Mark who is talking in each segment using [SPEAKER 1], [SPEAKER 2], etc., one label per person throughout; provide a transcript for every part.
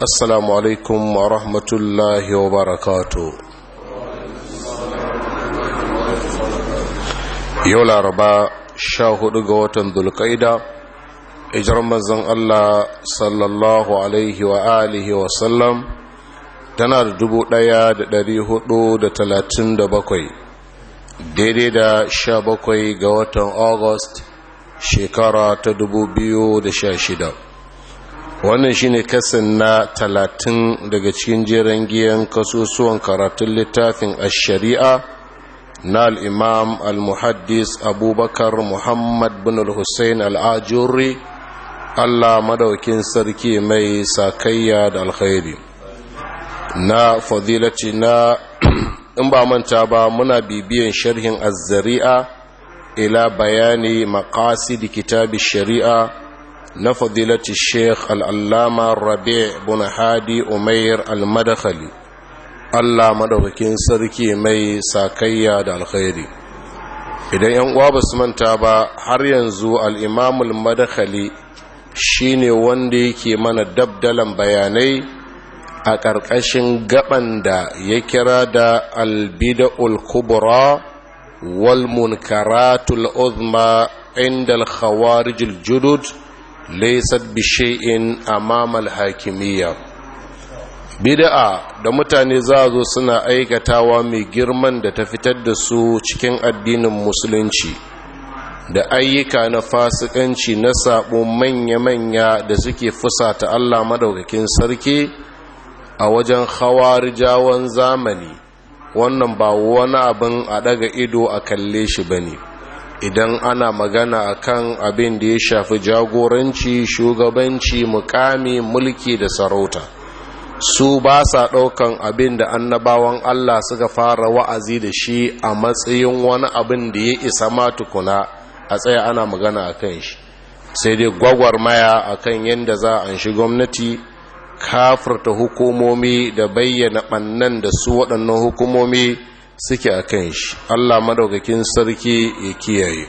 [SPEAKER 1] assalamu alaikum wa rahmatullahi wa barakatu yau laraba sha hudu ga watan dulkaida ijar manzan allah sallallahu alaihi wa alihi wa sallam tana da dubu ɗaya da dari hudu da talatin da bakwai daidai da sha bakwai ga watan august shekara ta dubu biyu da sha shida wannan shine kasan na talatin daga cikin jiran giyan kasusuwan karatun littafin ashari'a na al-imam al-muhaddis abubakar muhammad bin al-hussein al-ajuri allah madaukin sarki mai sakayya da alkhairi na fadilaci na in ba manta ba muna bibiyan sharhin az ila bayani makasi kitabin sharia na fadilati sheikh al'allama rabe bin hadi umair al-madakhali allah maɗaukakin sarki mai sakayya da alkhairi idan yan uwa ba su manta ba har yanzu al'imamul madakhali shine wanda yake mana dabdalan bayanai a ƙarƙashin gaban da ya kira da albida'ul kubra wal munkaratul uzma inda al-khawarijul judud Laisat bi shay'in amama al-hakimiyya bid'a da mutane za zo suna aikatawa mai girman da ta fitar da su cikin addinin musulunci da ayyuka na fasikanci na sabo manya-manya da suke fusata Allah madaukakin sarki a wajen hawarijawan zamani wannan ba wani abin a daga ido a kalle shi bane idan ana magana kan abin da ya shafi jagoranci shugabanci mukami mulki da sarauta su ba sa ɗaukan abin da annabawan Allah suka fara wa'azi da shi a matsayin wani abin da ya isa ma tukuna a tsaya ana magana a kan shi sai dai gwagwarmaya a kan yadda za a shi gwamnati kafirta hukumomi da bayyana ɓannan da su waɗannan hukumomi suke a kan shi allah madaukakin sarki ya kiyaye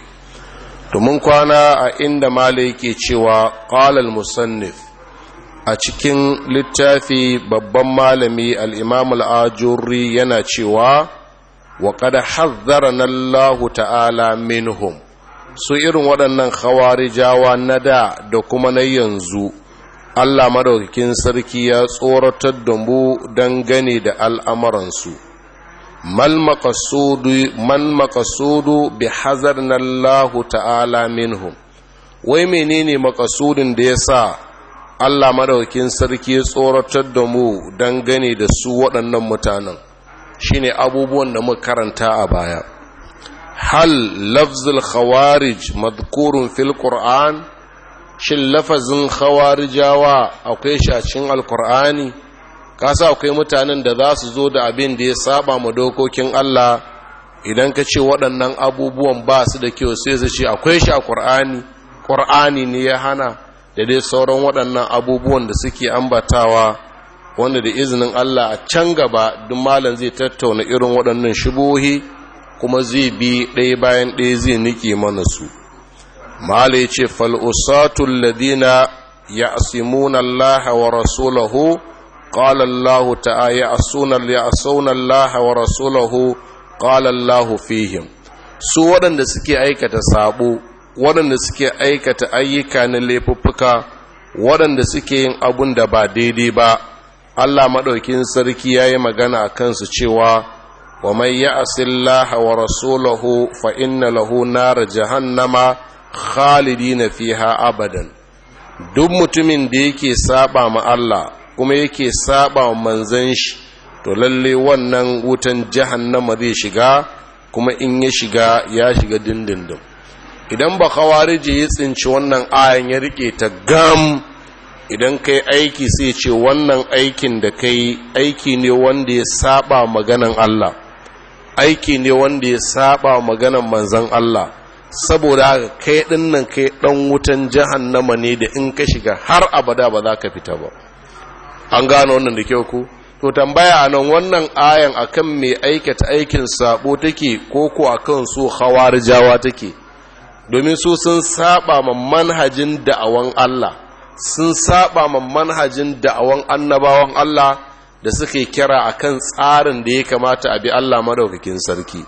[SPEAKER 1] domin kwana a inda mala yake cewa ƙalal musannif a cikin littafi babban malami al'imam ajuri yana cewa wa kada hazzara na allahu ta'ala minhum su irin waɗannan hawarijawa na da da kuma na yanzu allah madaukakin sarki ya tsoratar da mu dangane da al'amuransu mal maqasudu man maqasudu bi hazarna Allah ta'ala minhum wai menene makasudin da ya sa Allah madaukin sarki ya tsoratar da mu dangane da su waɗannan mutanen shine abubuwan da muka karanta a baya hal lafzul khawarij madhkurun fil qur'an shin lafazin khawarijawa akwai shi a cikin ka sa akwai mutanen da za su zo da abin da ya saba ma dokokin Allah idan ka ce waɗannan abubuwan ba su da kyau sai su ce akwai shi a ƙur'ani ƙur'ani ne ya hana da dai sauran waɗannan abubuwan da suke ambatawa wanda da izinin Allah a can gaba duk malam zai tattauna irin waɗannan shubuhi kuma zai bi ɗaya bayan ɗaya zai nike mana su malai ce fal'usatul ladina ya Allah wa rasulahu قال الله تعالى يعصون يعصون الله ورسوله قال الله فيهم su waɗanda suke aikata sabo waɗanda suke aikata ayyuka na laifuffuka waɗanda suke yin abun da ba daidai ba Allah maɗaukin sarki ya yi magana a kansu cewa wa mai ya'asillaha wa rasulahu fa inna lahu nara jahannama khalidina fiha abadan duk mutumin da yake saba ma Allah kuma yake saba manzan shi to lalle wannan wutan jahannama zai shiga kuma in ya shiga ya shiga dindindin idan ba kawarije ya tsinci wannan ayan ya rike ta gam idan kai aiki sai ce wannan aikin da kai aiki ne wanda ya saba maganan Allah aiki ne wanda ya saba maganan manzan Allah saboda kai dinnan kai dan wutan jahannama ne da in ka shiga har abada ba za ka fita ba an gano wannan da kyau ku to tambaya a nan wannan ayan akan mai aikata aikin sabo take ko ko akan su jawa take domin su sun saba ma manhajin da'awan Allah sun saba ma manhajin da'awan annabawan Allah da suke kira akan tsarin da ya kamata a bi Allah madaukakin sarki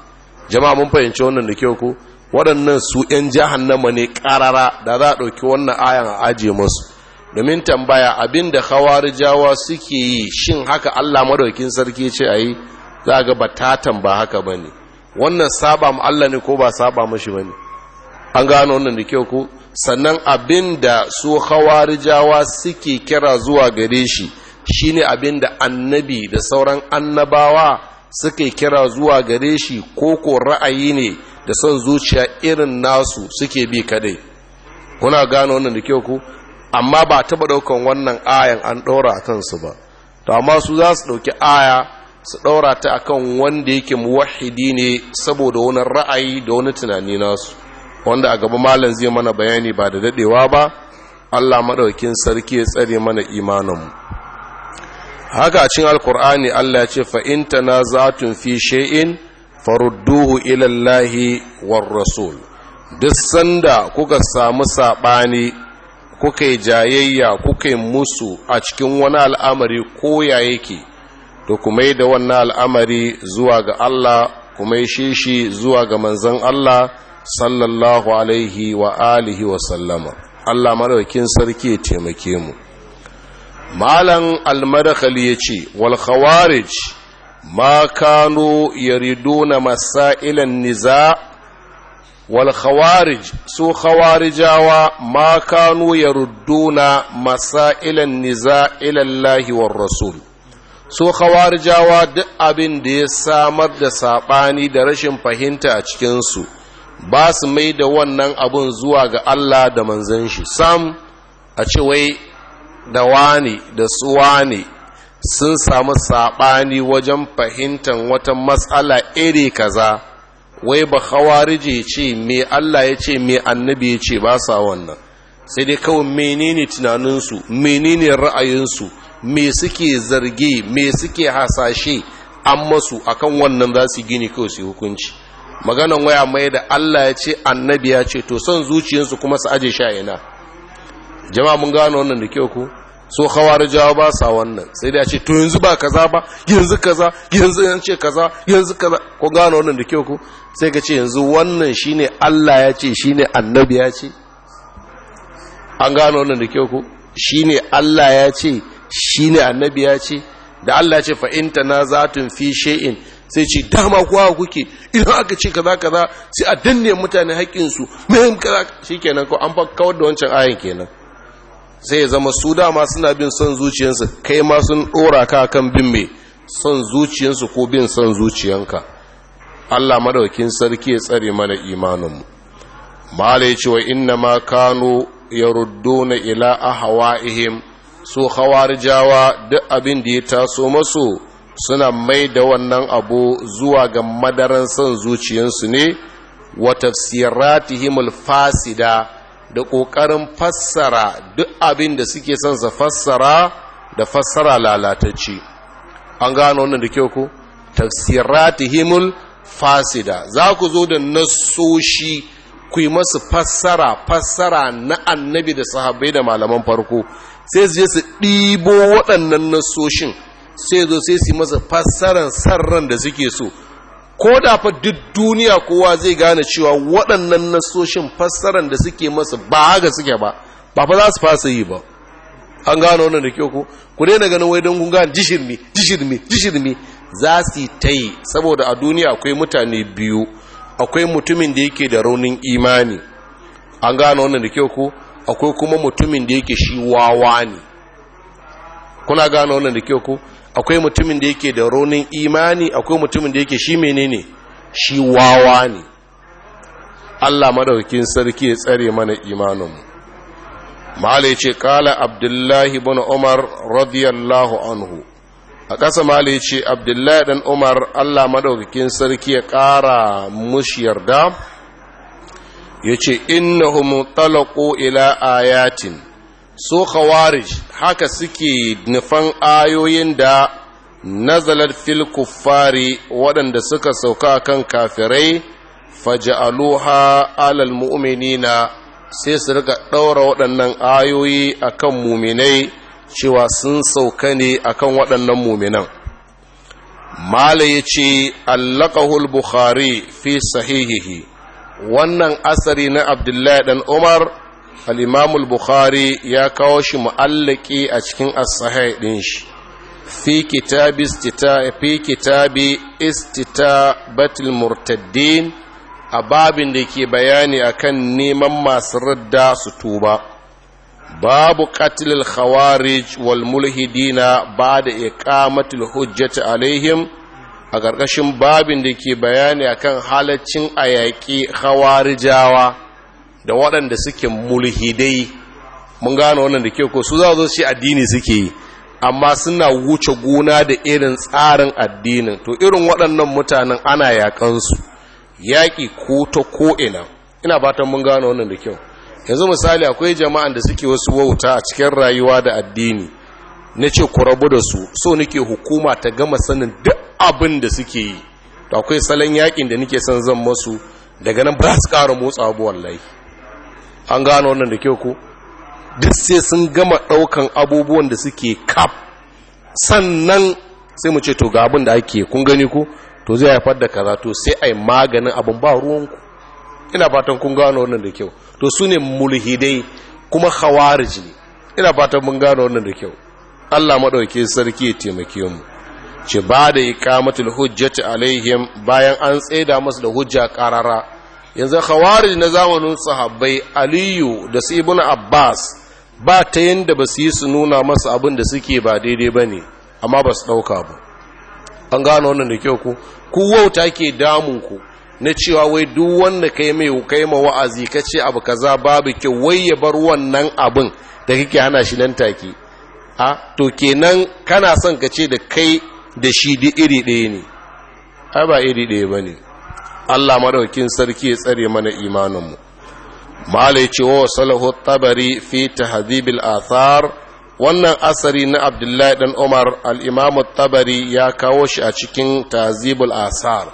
[SPEAKER 1] jama'a mun fahimci wannan da kyau ku waɗannan su 'yan jahannama ne ƙarara da za a ɗauki wannan ayan a ajiye musu domin tambaya abinda da khawarijawa suke yi shin haka Allah madaukin sarki ce ayi za ga ta tamba haka bane wannan saba mu Allah ne ko ba saba mishi bane an gano wannan da kyau ko sannan abinda da su khawarijawa suke kira zuwa gare shi shine abin da annabi da sauran annabawa suke kira zuwa gare shi ko ko ra'ayi ne da son zuciya irin nasu suke bi kadai kuna gano wannan da kyau ku amma ba taɓa ɗaukan wannan ayan an ɗora a kansu ba to amma su za su ɗauki aya su ɗora ta akan wanda yake muwahidi ne saboda wani ra'ayi da wani tunani nasu wanda a gaba malam zai mana bayani ba da daɗewa ba allah maɗaukin sarki ya tsare mana imaninmu haka a cin alkur'ani allah ya ce fa'inta na zatun fi shay'in farudduhu ilallahi war rasul duk sanda kuka samu saɓani kuka yi jayayya kuka yi musu a cikin wani al'amari ko ya yake to kuma yi da wannan al'amari zuwa ga Allah kuma yi shi shi zuwa ga manzan Allah sallallahu alaihi wa alihi wa sallama Allah maraukin sarki ya taimake mu malan almadakhali ya ce wal khawarij ma kano yariduna masailan niza' wal khawarij su khawarijawa ma kanu yarudduna masailan niza ila war rasul su khawarijawa duk abin da ya samar da sabani da rashin fahimta a cikin su ba su mai da wannan abun zuwa ga Allah da manzon shi sam a ce wai da wani da suwani sun samu sabani wajen fahimtar wata matsala iri kaza wai ba khawariji ce me Allah ya ce me annabi ya ce ba sa wannan sai dai kawai menene tunaninsu menene ra'ayinsu me suke zargi me suke hasashe an masu akan wannan za su gini kawai su hukunci maganan waya mai da Allah ya ce annabi ya ce to son zuciyarsu kuma su aje sha ina jama'a mun gano wannan da kyau ku so khawarijawa ba sa wannan sai dai a ce to yanzu ba kaza ba yanzu kaza yanzu an ce kaza yanzu kaza ko gano wannan da kyau ko sai ka ce yanzu wannan shine Allah ya ce shine annabi ya ce an gano wannan da kyau ko shine Allah ya ce shine annabi ya ce da Allah ya ce fa in tanazatun fi shay'in sai ce dama kuwa kuke idan aka ce kaza kaza sai a danne mutane haƙƙinsu mai kaza shikenan ko an fa kawar da wancan ayin kenan Zai zama su dama suna bin son zuciyarsu kai ma sun ɗora ka kan bin mai son zuciyarsu ko bin son zuciyanka Allah madaukin sarki ya tsare mana imaninmu mala ya ce wa inna ma Kano ya na ila a so su Jawa duk abin da ya taso masu suna mai da wannan abu zuwa ga madaran son zuciyarsu ne wa tafsiratihim fasida da ƙoƙarin fassara duk abin da suke son su fassara da fassara lalatacce an gano wannan da kyau ku tafsiratihimul fasida za ku zo da nasoshi ku yi masu fassara fassara na annabi da sahabbai da malaman farko sai su je su ɗibo waɗannan nasoshin sai zo sai su yi masu fassaran sarran da suke so ko da fa duk duniya kowa zai gane cewa waɗannan nasoshin fassaran da suke masa ba haka suke ba ba fa za su fasa yi ba an gano wannan da kyau ko ku daina ganin wai don gungan jishirmi jishirmi jishirmi za su ta yi saboda a duniya akwai mutane biyu akwai mutumin da yake da raunin imani an gano wannan da kyau ko akwai kuma mutumin da yake shi wawa ne kuna gano wannan da kyau ko akwai mutumin da yake da ronin imani akwai mutumin da yake shi menene shi wawa ne Allah madaukakin sarki ya tsare mana imanin mala yace qala abdullahi ibn umar radiyallahu anhu a ƙasa mala yace abdullahi dan umar Allah madaukakin sarki ya ƙara mushi yarda ya ce innahu ila ayatin so khawarij haka suke nufan ayoyin da nazalar fil kuffari waɗanda suka sauka kan kafirai faja'aluha alal mu'minina sai su rika ɗaura waɗannan ayoyi akan muminai cewa sun sauka ne akan waɗannan muminan mala ya ce allakahul bukhari fi sahihihi wannan asari na abdullahi dan umar al'imamul bukhari ya kawo shi mu'allaki a cikin as-sahih ɗin shi fi kitabi istita batil murtaddin a babin da ke bayani akan neman masu radda su tuba babu katilil khawarij wal mulhidina ba da iqamatul hujjati alaihim a ƙarƙashin babin da ke bayani akan halaccin a yaƙi khawarijawa da waɗanda suke mulhidai mun gano wannan da ke ko su za zo shi addini suke yi amma suna wuce gona da irin tsarin addinin to irin waɗannan mutanen ana yaƙansu yaƙi ko ta ko'ina ina fatan mun gano wannan da kyau yanzu misali akwai jama'an da suke wasu wauta a cikin rayuwa da addini na ce ku rabu da su so nake hukuma ta gama sanin duk abin da suke yi to akwai salon yaƙin da nake son zan masu daga nan ba su ƙara motsa abu wallahi an gano wannan da kyau ku duk sai sun gama ɗaukan abubuwan da suke kaf sannan sai mu ce to ga abin da ake kun gani ku to zai haifar da kaza to sai ai maganin abin ba ku. ina fatan kun gano wannan da kyau to sune mulhidai kuma khawarij ne ina fatan mun gano wannan da kyau Allah madauke sarki ya taimake mu ce ba da iqamatul hujjati alaihim bayan an tsaida musu da hujja qarara yanzu khawarij na zamanin sahabbai aliyu da su ibn abbas ba ta yadda ba su yi su nuna masa abin da suke ba daidai ba ne amma ba su ɗauka ba an gano wannan da kyau ku ku wauta ke ku. na cewa wai duk wanda kai mai kai ma wa'azi ka ce abu kaza babu kyau wai ya bar wannan abin da kake hana shi nan take a to kenan kana son ka ce da kai da shi di iri ɗaya ne ai ba iri ɗaya ba ne Allah madaukin sarki ya tsare mana imaninmu malai ce wa salahu tabari fi tahdhibil athar wannan asari na abdullahi dan umar al-imam tabari ya kawo shi a cikin tahzibul asar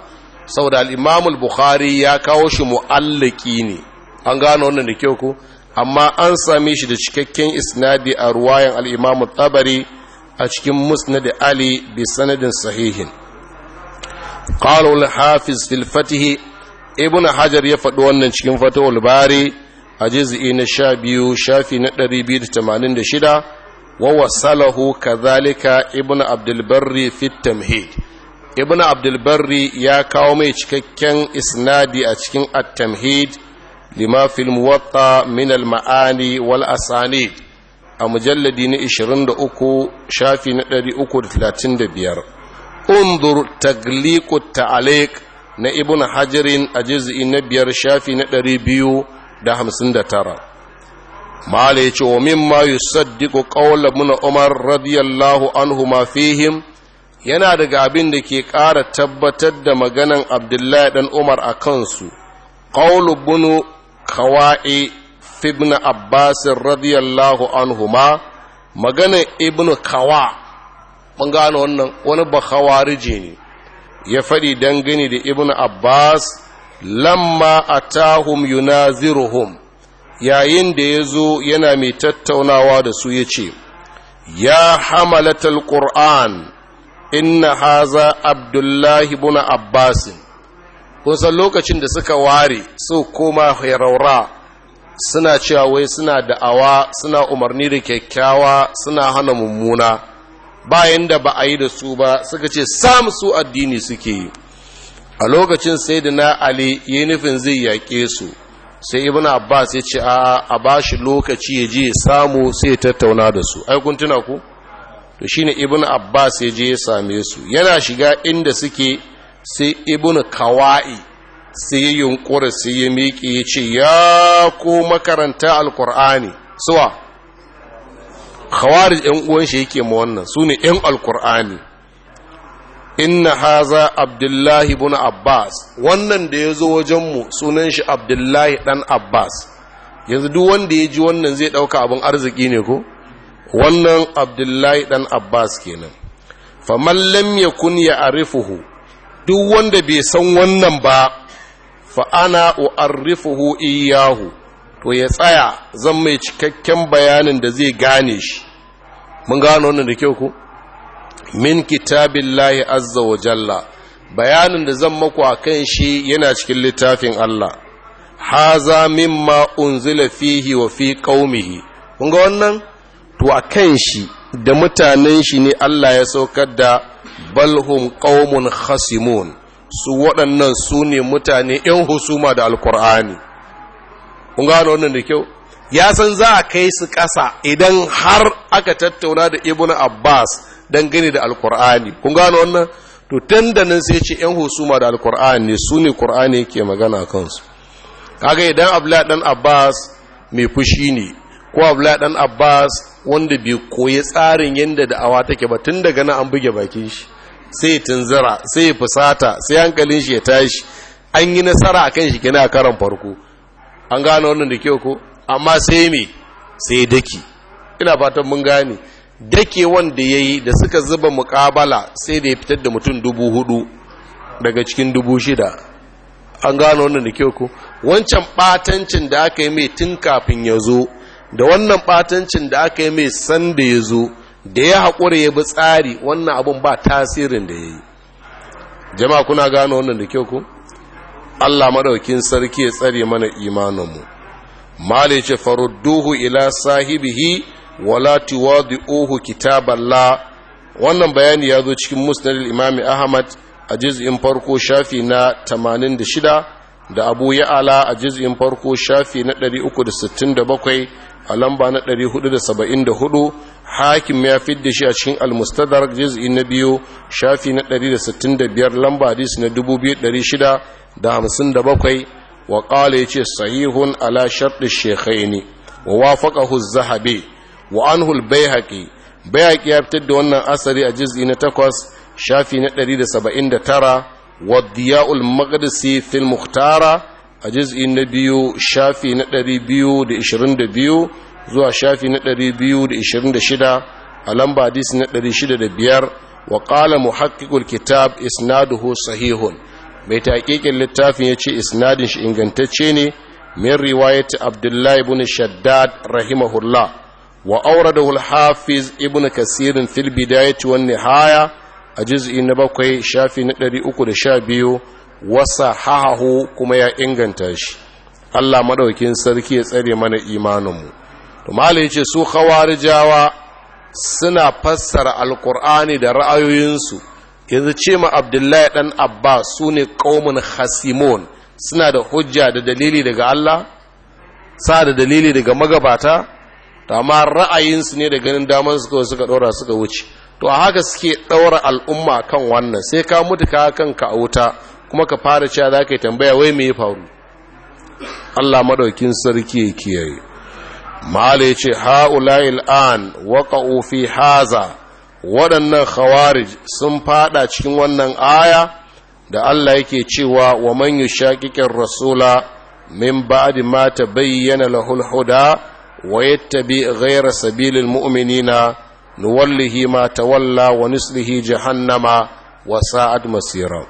[SPEAKER 1] saboda al-imam al-bukhari ya kawo shi mu'allaki ne an gano wannan da kyau ku. amma an same shi da cikakken isnadi a ruwayan al-imam tabari a cikin musnad ali bi sanadin sahihin qala hafiz fil fatih ibn hajar ya faɗi wannan cikin fatawul bari a juz'i na 12 shafi na 286 wa wasalahu kadhalika ibn abdul barri fi tamhid ibn abdul barri ya kawo mai cikakken isnadi a cikin at-tamhid lima minal muwatta min al ma'ani wal asanid a mujalladi na 23 shafi na 335 unzur tagliku ta'alik na ibn hajarin a jiz'i na biyar shafi na ɗari biyu da hamsin da tara mala ya ce wa mimma yusaddiqu qawla umar radiyallahu anhu ma fihim yana daga abin da ke ƙara tabbatar da maganan abdullahi dan umar a kansu qawlu ibn kawa'i fi ibn abbas radiyallahu anhu ma maganan ibn kawa' mun gano wannan wani bakhawarije ne ya faɗi dangane da ibn abbas lamma atahum yunaziruhum yayin da ya zo yana mai tattaunawa da su yace ya hamalatul qur'an inna haza abdullahi ibn abbas kusan lokacin da suka ware su koma hairaura suna cewa wai suna da'awa suna umarni da kyakkyawa suna hana mummuna bayan da ba a yi da su ba suka ce samu su addini suke yi a lokacin sai da na ali ya nufin zai yaƙe su sai ibn abbas ya ce a ba shi lokaci ya je samu sai tattauna da su ai tuna ku to shine ibn abbas ya je ya same su yana shiga inda suke sai ibn kawai sai ya yunkura sai ya miƙe ya ce ya ko makaranta alkur'ani suwa khawarij yan uwan shi yake ma wannan su ne yan alkur'ani inna haza abdullahi ibn abbas wannan da ya zo wajenmu sunan shi abdullahi dan abbas yanzu duk wanda ya ji wannan zai ɗauka abin arziki ne ko wannan abdullahi dan abbas kenan faman lam yakun ya arifuhu duk wanda bai san wannan ba fa ana u'arrifuhu iyahu to ya tsaya zan mai cikakken bayanin da zai gane shi mun gano wannan da kyau ku min kitabillahi azza wa jalla bayanin da zan maku akan shi yana cikin littafin Allah haza mimma unzila fihi wa fi qaumihi kun ga wannan to akan shi da mutanen shi ne Allah ya saukar da balhum qaumun hasimun su waɗannan su ne mutane ‘yan husuma da alkur'ani kun gano wannan da kyau ya san za a kai su ƙasa idan har aka tattauna da ibn abbas dangane da alkur'ani kun gano wannan to tun da nan sai ce yan husuma da alkur'ani su ne kur'ani ke magana kansu kaga idan abla dan abbas mai fushi ne ko abla dan abbas wanda bai koya tsarin yadda da'awa take ba tun daga nan an buge bakin shi sai ya tunzura sai ya fusata sai hankalin shi ya tashi an yi nasara kan shi gina karan farko an gane wannan da kyau ko amma sai me sai daki ina fatan mun gane dake wanda ya yi da suka zuba mukabala sai da ya fitar da mutum dubu hudu daga cikin dubu shida an gano wannan da kyau ko wancan batancin da aka yi mai tun kafin ya zo da wannan batancin da aka yi mai san da ya zo da ya haƙura ya bi tsari wannan abin ba tasirin da ya yi jama'a kuna gano wannan da kyau ko Allah madaukin sarki ya tsare mana imaninmu mali ce farudduhu ila sahibihi wala tuwadi'uhu kitaballah wannan bayani ya zo cikin musnadil imami ahmad a juz'in farko shafi na 86 da abu ya'ala a juz'in farko shafi na 367 a lamba na 474 hakim ya fidda shi a cikin almustadar juz'i na biyu shafi na 165 lamba hadis na 2600 da hamsin da bakwai wa ƙala ya ce sahihun ala shekai ne wa wafaqahu zahabi wa bai al bai baihaqi ya fitar da wannan asari a juz'i na takwas shafi na da da saba'in tara wa diya'ul maqdisi fil muhtara a juz'i na biyu shafi na biyu da da ishirin biyu zuwa shafi na biyu da da ishirin shida a lamba hadisi na shida da 605 wa qala muhaqqiqul kitab isnaduhu sahihun mai taƙiƙin littafin ya ce isnadin shi ingantacce ne min riwayat abdullahi ibn shaddad rahimahullah wa auradahu al-hafiz ibn kasir fil bidayati wan nihaya a juz'i na bakwai shafi na 312 wasa hahahu kuma ya inganta shi Allah madaukin sarki ya tsare mana imaninmu to malai yace su khawarijawa suna fassara alqur'ani da ra'ayoyinsu yanzu ce ma abdullahi ɗan abba su ne ƙaumin hasimon suna da hujja da dalili daga allah sa da dalili daga magabata ta ma ra'ayinsu ne da ganin damar suka suka ɗora suka wuce to a haka suke ɗaura al'umma kan wannan sai ka mutu ka kanka a wuta kuma ka fara cewa za ka yi tambaya wai me ya faru allah maɗaukin sarki ya kiyaye ma'ala ya ce ha'ula'il an waƙa'u fi haza waɗannan khawarij sun fada cikin wannan aya da Allah yake cewa wa man yushaqiqir rasula min ba'di ma tabayyana lahul huda wa yattabi ghayra sabilil mu'minina nuwallihi ma tawalla wa nuslihi jahannama wa sa'ad masira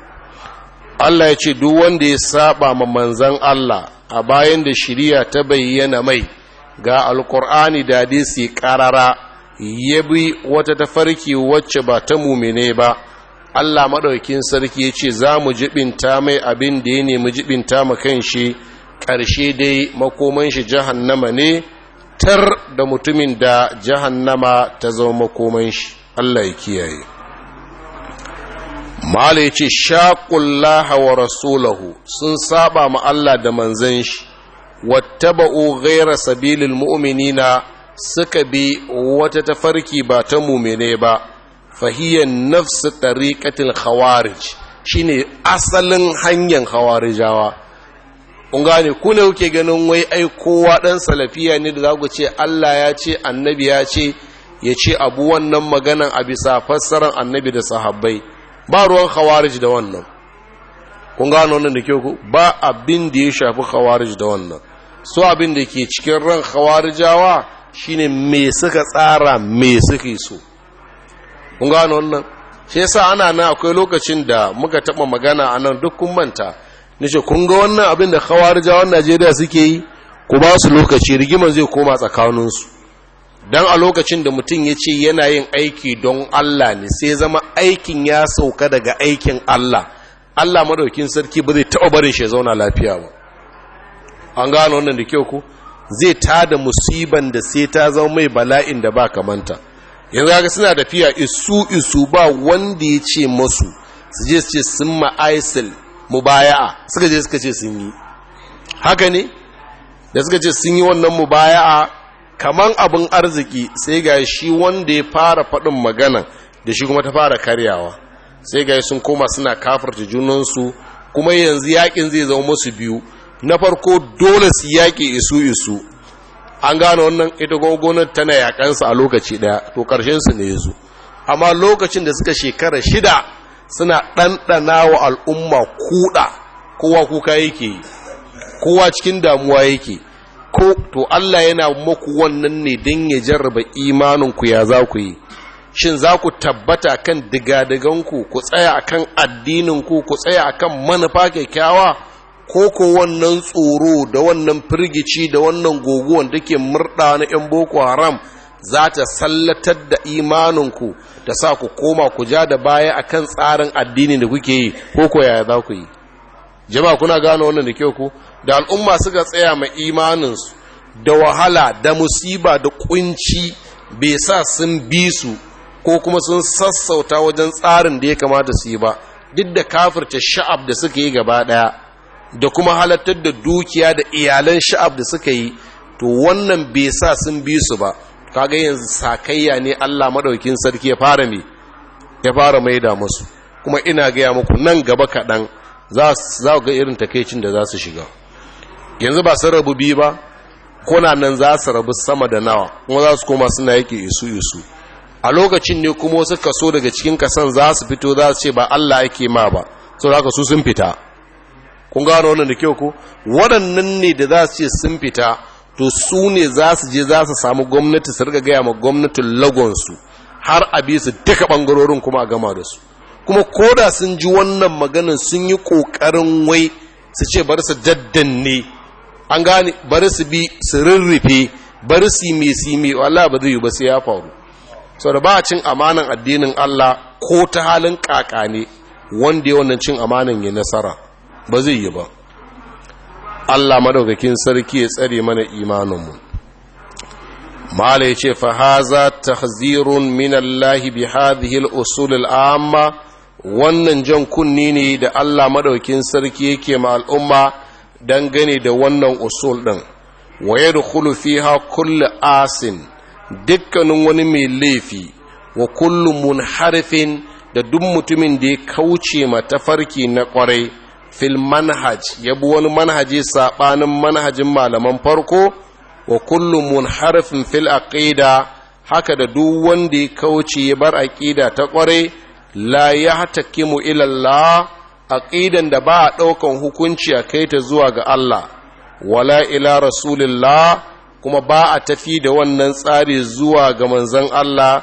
[SPEAKER 1] Allah ya ce duk wanda ya saba ma manzon Allah a bayan da shari'a ta bayyana mai ga alqur'ani da hadisi qarara ya bi wata tafarki wacce ba ta mumine ba Allah maɗaukin sarki ya ce za mu jibinta mai abin da ya nemi jibinta ma kan shi ƙarshe dai makoman shi jahannama ne tar da mutumin da jahannama ta zama makoman shi Allah ya kiyaye mala ya ce shaƙullaha wa rasulahu sun saba ma Allah da manzan shi wattaba'u gaira sabilin mu'minina suka bi wata tafarki ba ta mumine ba fahiyar nafsu tariƙatil khawarij shine asalin hanyar khawarijawa kun gane kuna kuke ganin wai ai kowa ɗan salafiya ne da za ku ce Allah ya ce annabi ya ce ya ce abu wannan maganan a bisa fassarar annabi da sahabbai ba ruwan khawarij da wannan kun gano wannan da kyau ku ba abin da ya shafi khawarij da wannan su abin da ke cikin ran khawarijawa shine me suka tsara me suke so kun gano wannan shi yasa ana nan akwai lokacin da muka taba magana a nan duk kun manta nishe kun ga wannan abin da khawarijawan Najeriya suke yi ku ba su lokaci rigiman zai koma tsakaninsu. su a lokacin da mutum ya ce yana yin aiki don Allah ne sai zama aikin ya sauka daga aikin Allah Allah madaukin sarki ba zai taba barin shi ya zauna lafiya ba an gano wannan da kyau ko. zai tada musiban da sai ta zama mai bala'in da ba kamanta yanzu haka suna tafiya isu isu ba wanda ya ce masu su je su ce sun ma'aisil mubaya'a suka je suka ce sun yi haka ne da suka ce sun yi wannan mubaya'a kaman abin arziki sai ga shi wanda ya fara faɗin magana da shi kuma ta fara karyawa sai ga sun koma suna kafarta junansu kuma yanzu yakin zai zama musu biyu na farko dole su yaƙi isu isu an gane wannan ita gogonar tana yaƙansa a lokaci ɗaya to ƙarshensu ne ya amma lokacin da suka shekara shida suna ɗanɗana wa al'umma kuɗa kowa kuka yake yi kowa cikin damuwa yake ko to Allah yana maku wannan ne don ya jarraba imaninku ya za ku yi shin za ku tabbata kan diga digadiganku ku tsaya kan addininku ku tsaya kan manufa kyakkyawa ko wannan tsoro da wannan firgici da wannan goguwan da ke murɗa na 'yan boko haram za ta sallatar da imaninku da sa ku koma ku ja da baya a kan tsarin addini da kuke yi ko ko yaya za ku yi jama'a kuna gano wannan da kyau ku da al'umma suka tsaya mai imaninsu da wahala da musiba da kunci bai sa sun bi su ko kuma sun sassauta wajen tsarin da ya kamata su yi ba duk da kafirta sha'ab da suka yi gaba ɗaya da kuma halattar da dukiya da iyalan sha'ab da suka yi to wannan bai sa sun bi su ba kaga yanzu sakayya ne Allah maɗaukin sarki ya fara me ya fara maida musu kuma ina gaya muku nan gaba kaɗan za za ga irin takaicin da za su shiga yanzu ba su rabu biyu ba kuna nan za su rabu sama da nawa kuma za su koma suna yake isu isu a lokacin ne kuma wasu kaso daga cikin kasan za su fito za su ce ba Allah yake ma ba saboda haka su sun fita kun gano wannan da kyau ko waɗannan ne da za su ce sun fita to su ne za su je za su samu gwamnati su riga gaya ma gwamnatin lagonsu har a bi su duka ɓangarorin kuma a gama da su kuma ko da sun ji wannan maganin sun yi ƙoƙarin wai su ce bari su daddanne an gane bari su bi su rurrufe bari su mai su mai wala ba zai yi ba sai ya faru sau da ba a cin amanan addinin Allah ko ta halin ƙaƙa ne wanda ya wannan cin amanan ya nasara ba zai yi ba Allah madaukakin sarki ya tsare mana imaninmu mala ya ce fa haza tahzirun min Allah bi hadhihi al-usul amma wannan jan kunni ne da Allah madaukakin sarki yake ma al'umma dangane da wannan usul din wa yadkhulu fiha kullu asin dukkanin wani mai laifi wa kullu munharifin da duk mutumin da ya kauce ma farki na kwarai fil manhaj ya bi wani manhaji saɓanin manhajin malaman farko wa kullum munharifin fil aqida haka da duk wanda ya kauce ya bar aqida ta ƙwarai, la ya ila Allah aqidan da ba a ɗaukan hukunci a kai ta zuwa ga Allah wala ila rasulillah kuma ba a tafi da wannan tsari zuwa ga manzon Allah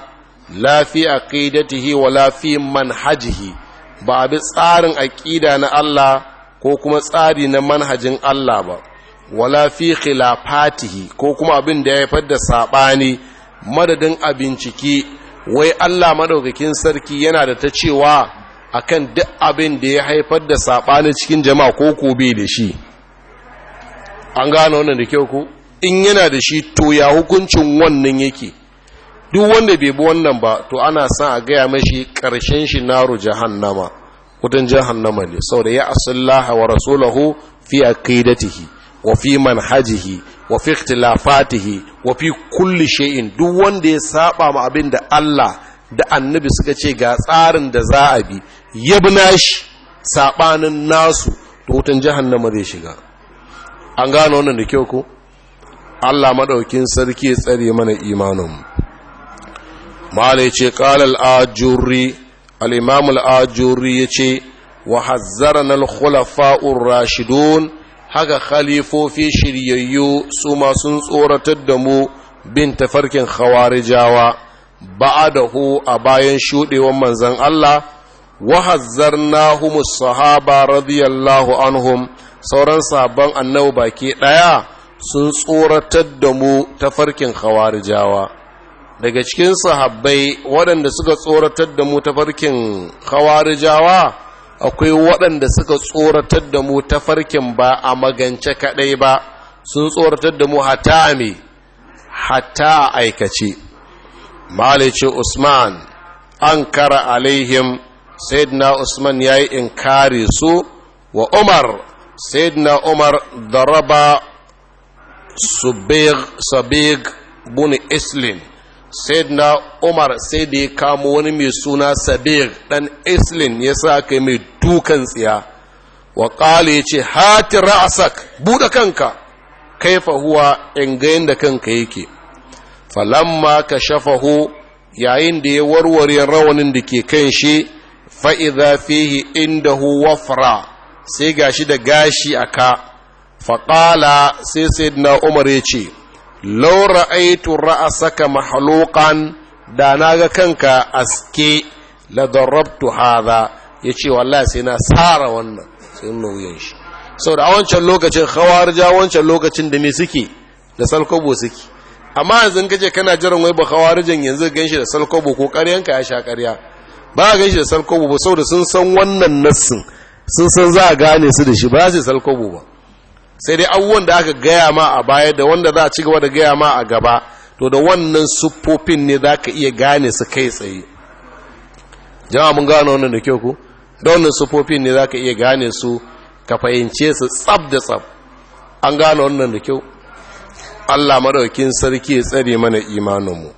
[SPEAKER 1] la fi aqidatihi wala fi manhajihi ba bi tsarin aƙida na Allah ko kuma tsari na manhajin Allah ba wala fi khilafatihi ko kuma abin da ya haifar da saɓani madadin abinciki wai Allah madaukakin sarki yana da ta cewa akan duk abin da ya haifar da saɓani cikin jama'a ko ko bai da shi an gano wannan da kyau ko in yana da shi to ya hukuncin wannan yake duk wanda bai bi wannan ba to ana san a gaya mashi ƙarshen shi naru jahannama wutan jahannama ne saboda ya asallaha wa rasulahu fi aqidatihi wa fi manhajihi wa fi ikhtilafatihi wa fi kulli shay'in duk wanda ya saba ma abin da Allah da annabi suka ce ga tsarin da za a bi yabna shi sabanin nasu to wutan jahannama zai shiga an gano wannan da kyau ko Allah madaukin sarki ya tsare mana imanin mu malai ce ƙalal ajuri al'imamul ajuri ya ce wa hazzaran al-khulafa'ur rashidun haka khalifofi shiryayyu su masu tsoratar da mu bin tafarkin khawarijawa ba'adahu a bayan shuɗewar manzan Allah wa hazzarnahum sahaba radiyallahu anhum sauran sabon annabi baki ɗaya sun tsoratar da mu tafarkin khawarijawa daga cikin sahabbai waɗanda suka tsoratar da mu tafarkin khawarijawa akwai waɗanda suka tsoratar da mu tafarkin ba a magance kaɗai ba sun tsoratar da mu hata a me hata a aikace malice usman an kara alaihim sayyidina usman ya yi in kare su wa umar sayyidina umar daraba sabig bin Islin. saidna umar sai da ya kamo wani mai suna sabir dan islin ya sa kai mai dukan tsiya wa ya ce hati ra'asak buɗe kanka Kai fahuwa, in ga kanka yake falamma ka shafahu yayin da ya warware rawanin da ke kan shi fa'iza fihi inda wafra sai gashi da gashi a ka faƙala sai saidna umar ya ce laura aitu ra'asaka mahluqan da na ga kanka aske la darabtu hadha yace wallahi sai na sara wannan sai na wuyan shi saboda a wancan lokacin khawarija wancan lokacin da me suke da salkobo suke amma yanzu kace kana jiran wai ba khawarijan yanzu ganshi da salkobo ko karyanka ya sha karya ba ganshi da salkobo ba saboda sun san wannan nassin sun san za gane su da shi ba za salkobo ba sai dai abubuwan da aka gaya ma a baya da wanda za a ci gaba da gaya ma a gaba to da wannan siffofin ne za ka iya gane su kai tsaye jama'a mun gane wannan da kyau ku da wannan siffofin ne za ka iya gane su ka fahimce su tsab da tsab an gane wannan da kyau allah maɗaukin sarki ya tsare mana imaninmu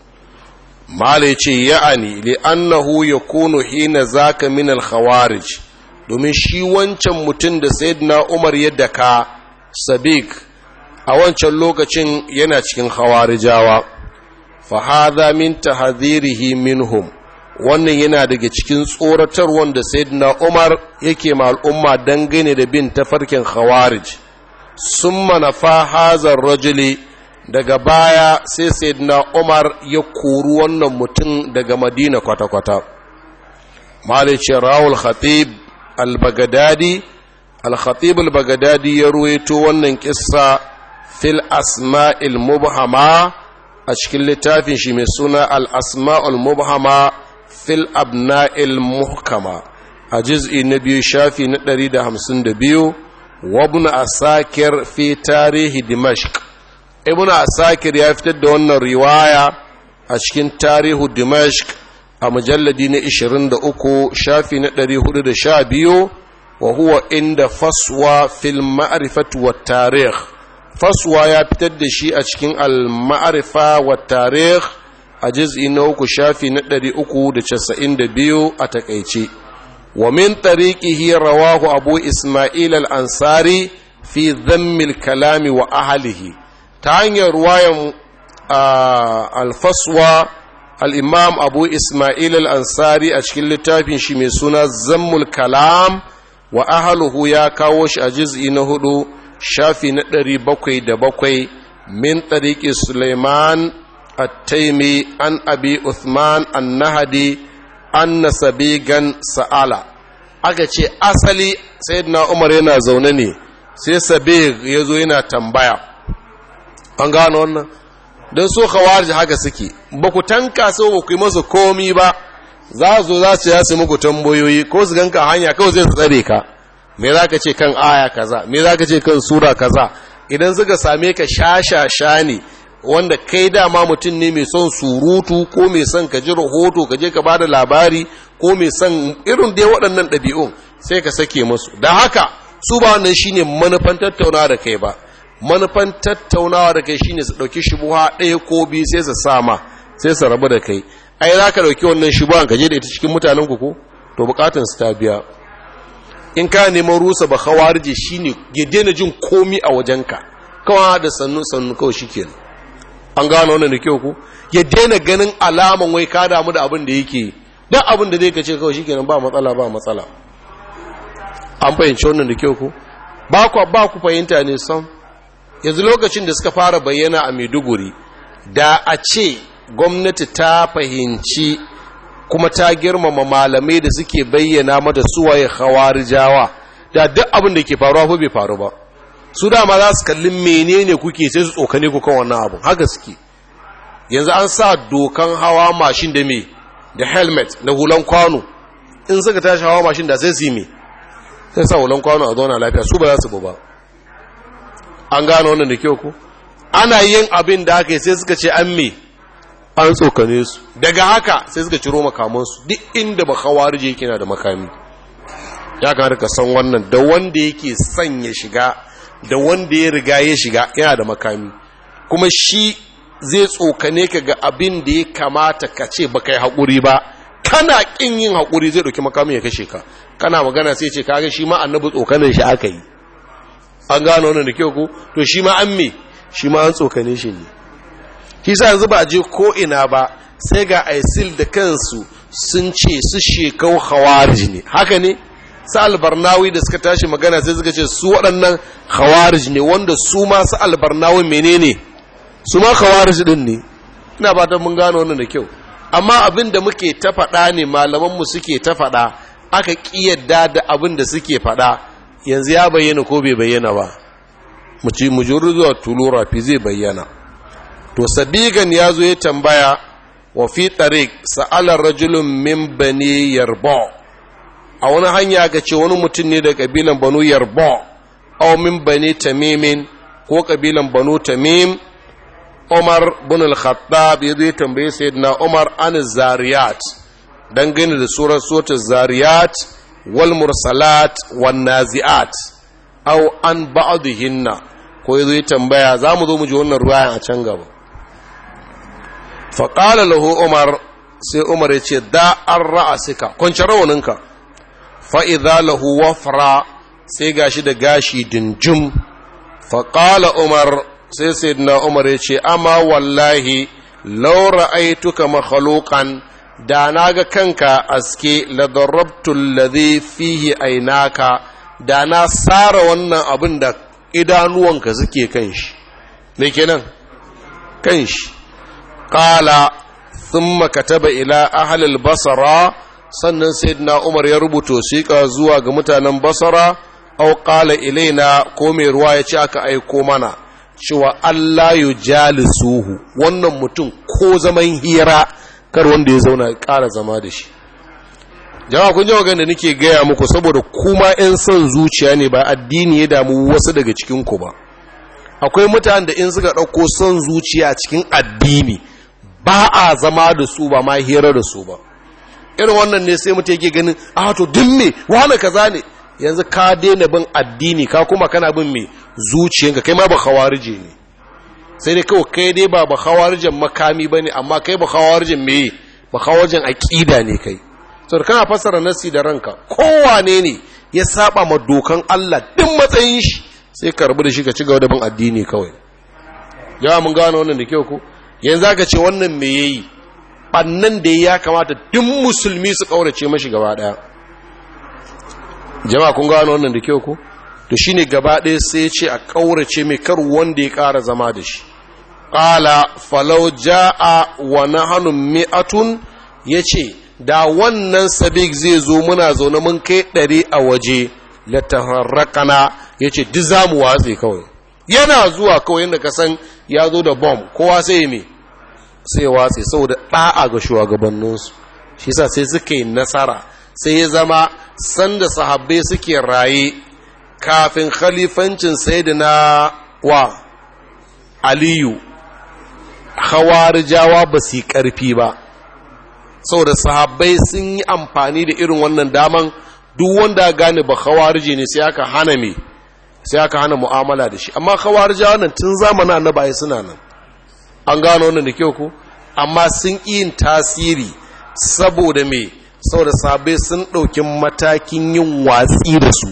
[SPEAKER 1] malai ce ya'ani annahu ya kono hina za min al-khawarij domin shi wancan mutum da sayyidina umar ya daka sadiq a wancan lokacin yana cikin hawarijawa fa hadha min tahdhirihi minhum wannan yana daga cikin tsoratar wanda sayyidina Umar yake ma al'umma dangane da bin tafarkin khawarij summa nafa hazar rajuli daga baya sai sayyidina Umar ya kori wannan mutum daga Madina kwata-kwata malik rawul khatib al-bagdadi al-khatib al-baghdadi ya ruwaito wannan kissa fil asma'il mubhama a cikin littafin shi mai suna al-asma'ul mubhama fil abna'il muhkama a juz'i na biyu shafi na 152 wa ibn asakir fi tarihi dimashq ibn asakir ya fitar da wannan riwaya a cikin tarihu dimashq a mujalladi na 23 shafi na 412 wa inda faswa fil ma'rifati wat tarikh faswa ya fitar da shi a cikin al ma'rifa wat a juz'i na uku shafi na 392 a takeice wa min tariqihi rawahu abu isma'il al ansari fi dhammi al wa ahlihi ta hanyar ruwayan al faswa abu ismail Al-Ansari a cikin littafin shi mai suna zammul kalam wa ahaluhu ya kawo shi a jiz'i na hudu shafi na ɗari bakwai da bakwai min tariki suleiman at-taimi an abi uthman an nahadi an gan sa'ala aka ce asali na umar yana zaune ne sai sabi ya zo yana tambaya an gano wannan don so haka suke ba ku tanka so ku yi masa komi ba za zo za su yasi muku tambayoyi ko su ganka hanya kawai zai tsare ka me za ka ce kan aya kaza me za ka ce kan sura kaza idan suka same ka shashasha ne wanda kai dama mutum ne mai son surutu ko mai son ka ji rahoto ka je ka ba da labari ko mai son irin dai waɗannan ɗabi'un sai ka sake musu da haka su ba wannan shine manufan tattaunawa da kai ba manufan tattaunawa da kai shine su ɗauki shubuha ɗaya ko biyu sai su sama sai su rabu da kai ai za ka ɗauki wannan shubuhan ka je da ita cikin mutanen ku ko to bukatan su ta biya in ka neman rusa ba khawarije shine ya daina jin komi a wajenka kawa da sannu sannu kawai shikenan an gano wannan da kyau ku ya daina ganin alaman wai ka damu da abin da yake duk abin da zai kace kawai shikenan ba matsala ba matsala an fahimci wannan da kyau ku ba ku ba ku fahimta ne sam yanzu lokacin da suka fara bayyana a Maiduguri da a ce gwamnati ta fahimci kuma ta girmama malamai da suke bayyana mata suwaye jawa. da duk abin da ke faruwa ko bai faru ba su dama za su kalli menene kuke sai su tsokane ku kan wannan abin haka suke yanzu an sa dokan hawa mashin da me da helmet da hulan kwano in suka tashi hawa mashin da sai su yi me sai sa hulan kwano a zauna lafiya su ba za su bu ba an gane wannan da kyau ko ana yin abin da aka yi sai suka ce an me an tsokane su daga haka sai suka ciro makamansu duk inda ba kawarije yake na da makami ya kamar ka san wannan da wanda yake son ya shiga da wanda ya riga ya shiga yana da makami kuma shi zai tsokane ka ga abin da ya kamata ka ce ba kai haƙuri ba kana ƙin yin haƙuri zai ɗauki makami ya kashe ka kana magana sai ce kaga shi ma annabi tsokanin shi aka yi an gano wannan da kyau ko to shi ma an me shi ma an tsokane shi ne hisa yanzu ba je ko ina ba sai ga aisil da kansu sun ce su shekau hawarij ne haka ne sa albarnawi da suka tashi magana sai suka ce su waɗannan hawarij ne wanda su ma su albarnawi menene su ma din ne ina ba ta mun gano wannan da kyau amma abin da muke ta faɗa ne malaman mu suke ta faɗa aka ƙiyadda da abin da suke faɗa yanzu ya bayyana ko bai bayyana ba mu ci mu zuwa tulura fi zai bayyana to sabigan ya zo ya tambaya wa fi tariq sa'ala rajulun min bani yarbo a wani hanya ga ce wani mutum ne da kabilan banu yarbo aw min bani tamimin ko kabilan banu tamim Umar bin al-Khattab ya zo ya tambaye sayyidina Umar an zariyat dangane da surar sota zariyat wal mursalat wan naziat aw an ba'dihinna ko ya zo ya tambaya za mu zo mu ji wannan ruwayan a can gaba faƙala lahu umar sai umar ya ce da an ra'asika kwanci rawaninka fa'iza lahu wafra sai gashi da gashi dinjum faƙala umar sai sai na umar ya ce amma wallahi laura aituka makhluqan da na ga kanka aske ladarabtul ladhi fihi ainaka da na sara wannan abin da idanuwanka suke kan shi me kan shi qala thumma kataba ila ahli al-basra sannan sayyidina umar ya rubuta wasiqa zuwa ga mutanen basra aw qala ilaina ko mai ruwa ya ce aka aiko mana cewa Allah ya jalisuhu wannan mutum ko zaman hira kar wanda ya zauna kara zama da shi jama'a kun jawo da nake gaya muku saboda kuma 'yan son zuciya ne ba addini ya damu wasu daga cikin ku ba akwai mutanen da in suka ɗauko son zuciya cikin addini ba a zama da su ba ma hira da su ba irin wannan ne sai mutum yake ganin a to din me wani kaza ne yanzu ka daina bin addini ka kuma kana bin me zuciyanka kai ma ba khawarije ne sai dai kawai kai dai ba ba khawarijen makami bane amma kai ba khawarijin me ba khawarijin aqida ne kai saboda kana fassara nasi da ranka kowane ne ya saba ma dokan Allah din matsayin shi sai ka da shi ka ci gaba da bin addini kawai ya mun gane wannan da kyau ko yanzu aka ce wannan me yi? Ɓannan da ya kamata duk musulmi su ƙaurace mashi gaba ɗaya jama'a kun gano wannan da kyau ko to shine gaba ɗaya sai ya ce a ƙaurace mai kar wanda ya ƙara zama da shi ƙala falau jaa wa hannun mi'atun ce, da wannan sabik zai zo muna zaune mun kai ɗari a waje la ya yace duk zamu watse kawai yana zuwa kawai yadda ka san ya zo da bom kowa sai ne sai watsi saboda ɗa'a ga shugabanninsu shi sa sai suka yi nasara sai ya zama sanda sahabbai suke raye kafin khalifancin na wa aliyu hawarijawa ba su yi ƙarfi ba saboda sahabbai sun yi amfani da irin wannan daman duk wanda gane ba hawar ne sai aka hana mai sai aka hana mu'amala da shi amma khawarija nan tun zamanin na suna nan an gano wannan da kyau ko amma sun yin tasiri saboda me saboda sabai sun ɗauki matakin yin watsi da su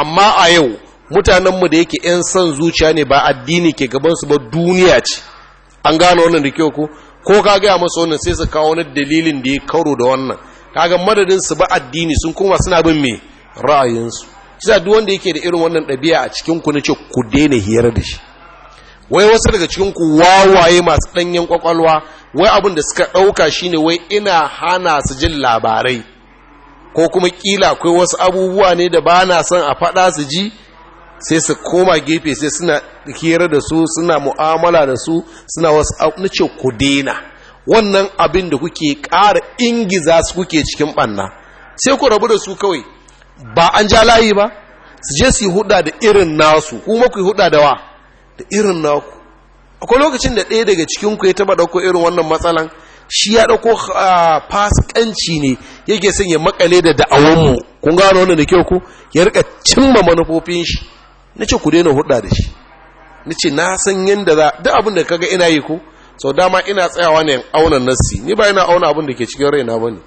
[SPEAKER 1] amma a yau mutanenmu da yake 'yan son zuciya ne ba addini ke gabansu ba duniya ce an gano wannan da kyau ko ko ka gaya masu wannan sai su kawo wani dalilin da ya kauro da wannan kaga madadin su ba addini sun kuma suna bin me ra'ayinsu sa duk wanda yake da irin wannan ɗabi'a a cikin ku ce ku daina hira da shi wai wasu daga cikin ku wawaye masu ɗanyen kwakwalwa wai abin da suka ɗauka shine wai ina hana su jin labarai ko kuma kila akwai wasu abubuwa ne da ba na son a faɗa su ji sai su koma gefe sai suna hira da su suna mu'amala da su suna wasu na ce ku daina? wannan abin da kuke ƙara ingiza su kuke cikin ɓanna sai ku rabu da su kawai ba an ja layi ba su je su yi huda da irin nasu kuma ku yi huda da wa da irin naku akwai lokacin da ɗaya daga cikin ku ya taba ɗauko irin wannan matsalan shi ya dauko ah, fasikanci ne yake son ya makale da da'awanmu kun gano wannan da kyau ku ya rika cimma manufofin shi na ce ku daina huda da shi na ce na san yadda za duk abin da kaga ina yi ku sau dama ina tsayawa ne auna nasi ni ba ina auna abin da ke cikin raina ba ne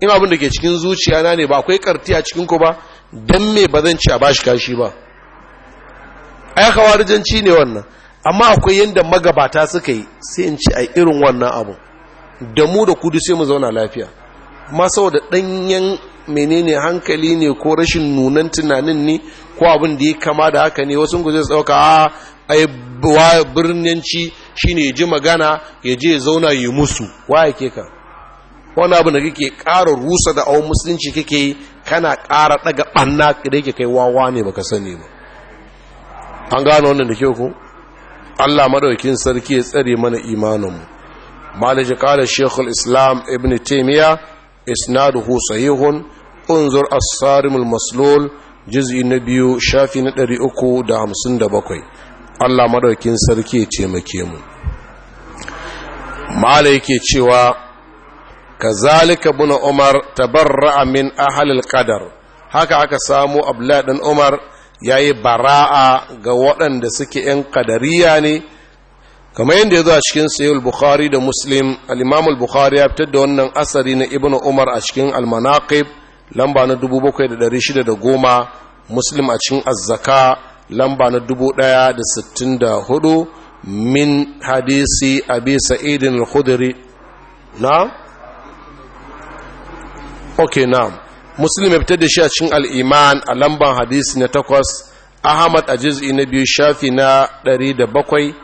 [SPEAKER 1] in abin da ke cikin zuciya na ne ba akwai karti a cikin ku ba don me ba zan ci a bashi kashi ba ai kawarijanci ne wannan amma akwai yadda magabata suka yi sai in ci a irin wannan abu da mu da kudu sai mu zauna lafiya amma saboda ɗanyen menene hankali ne ko rashin nunan tunanin ne ko abin da ya kama da haka ne wasu guje su dauka a ah, ai ci shine ya ji magana ya je ya zauna yi musu wa ke ka wani abu da kake ƙara rusa da awon musulunci kake kana ƙara ɗaga ɓanna da yake kai wawa ne baka sani ba an gano wannan da ke ku allah maɗaukin sarki ya tsare mana imaninmu malaji ƙara shekul islam ibn taimiyya isnaduhu sahihun unzur as-sarimul maslul juz'i na biyu shafi na ɗari uku da hamsin da bakwai allah maɗaukin sarki ya taimake mu mala yake cewa kazalika bin umar tabarra'a min ahlil qadar haka aka samo abdullah ɗin umar yayi bara'a ga waɗanda suke yan qadariya ne kamar yadda ya zo a cikin sayul bukhari da muslim al bukhari ya fitar da wannan asari na ibnu umar a cikin al-manaqib lamba na 7610 muslim a cikin azzaka lamba na 1064 min hadisi abi sa'idin al na ok na muslim ya fitar da shi a cikin al'iman a lamban hadisi na takwas ahmad a jiz'i na biyu shafi na ɗari da bakwai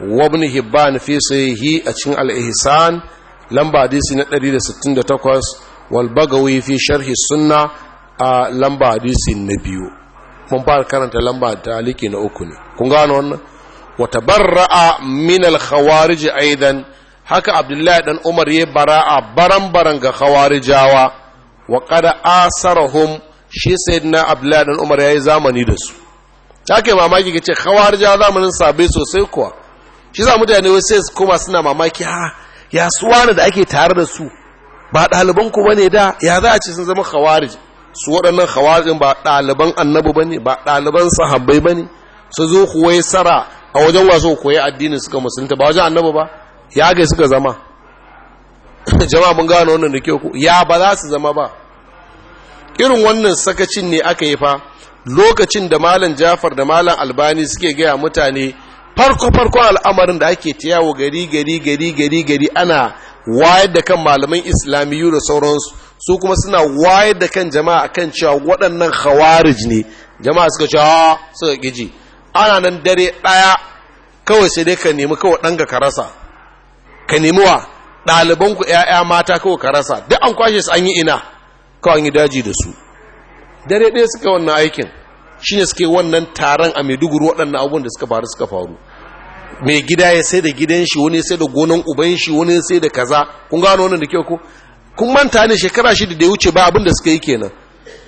[SPEAKER 1] wabni hibban fi sahihi a cikin al'ihisan lamba hadisi na ɗari da sittin fi sharhi sunna a lamba hadisi na biyu mun fara karanta lamba ta aliki na uku ne kun gano wannan wata barra'a min alkhawarij aidan haka abdullahi dan umar ya bara'a baran baran ga khawarijawa wa kada asarahum shi sayyidina abdullahi dan umar yayi zamani da su take mamaki kace khawarija zamanin sabai sosai kuwa shi za mutane wai sai kuma suna mamaki ha ah, ya suwana da ake tare da su ba daliban ku bane da ya za a ce sun zama khawarij su waɗannan khawarijin ba ɗaliban annabi bane ba ɗaliban sahabbai bane su zo kuwai sara a wajen wasu koyi addini suka musulunta ba wajen annabi ba ya ga suka zama jama'a mun gano wannan da kyau ya ba za su zama ba irin wannan sakacin ne aka yi fa lokacin da malam jafar da malam albani suke gaya mutane farko-farkon al'amarin da ake ta yawo gari gari gari gari gari ana wayar da kan malaman islamiyu da sauransu su kuma suna wayar da kan jama'a kan cewa waɗannan khawarij ne jama'a suka cewa ah, suka giji ana nan dare ɗaya kawai sai dai ka nemi kawai ɗan ka rasa ka nemi wa ɗalibanku ‘ya'ya mata kawai ka rasa duk an kwashe su an yi ina kawai yi daji da su dare ɗaya suka wannan aikin shi ne suke wannan taron a maiduguri waɗannan abubuwan da suka faru suka faru mai gida ya sai da gidan shi wani sai da gonan uban shi wani sai da kaza kun gano wannan da kyau ko kun manta ne shekara shida da ya wuce ba abin da suka yi kenan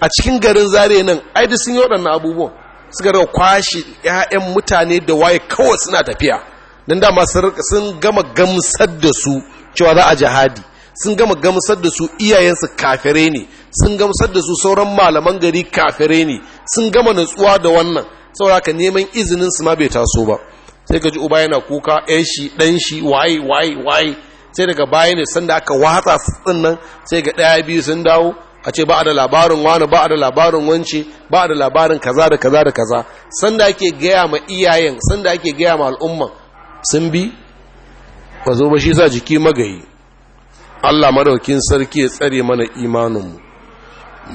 [SPEAKER 1] a cikin garin zare nan ai da sun yi waɗannan abubuwan suka rika kwashi ƴaƴan mutane da waye kawai suna tafiya dan dama sun gama gamsar da su cewa za a jihadi sun gama gamsar da su iyayensu kafirai ne sun gamsar da su sauran malaman gari kafirai ne sun gama nutsuwa da wannan sauraka neman izinin su ma bai taso ba sai ka ji uba yana kuka ɗan shi ɗan shi waye waye waye sai daga baya ne sanda aka watsa su nan sai ga ɗaya biyu sun dawo a ce ba a da labarin wani ba a da labarin wance ba a da labarin kaza da kaza da kaza sanda ake gaya ma iyayen sanda ake gaya ma al'umman sun bi ba zo ba shi sa jiki magayi Allah madaukin sarki ya tsare mana imaninmu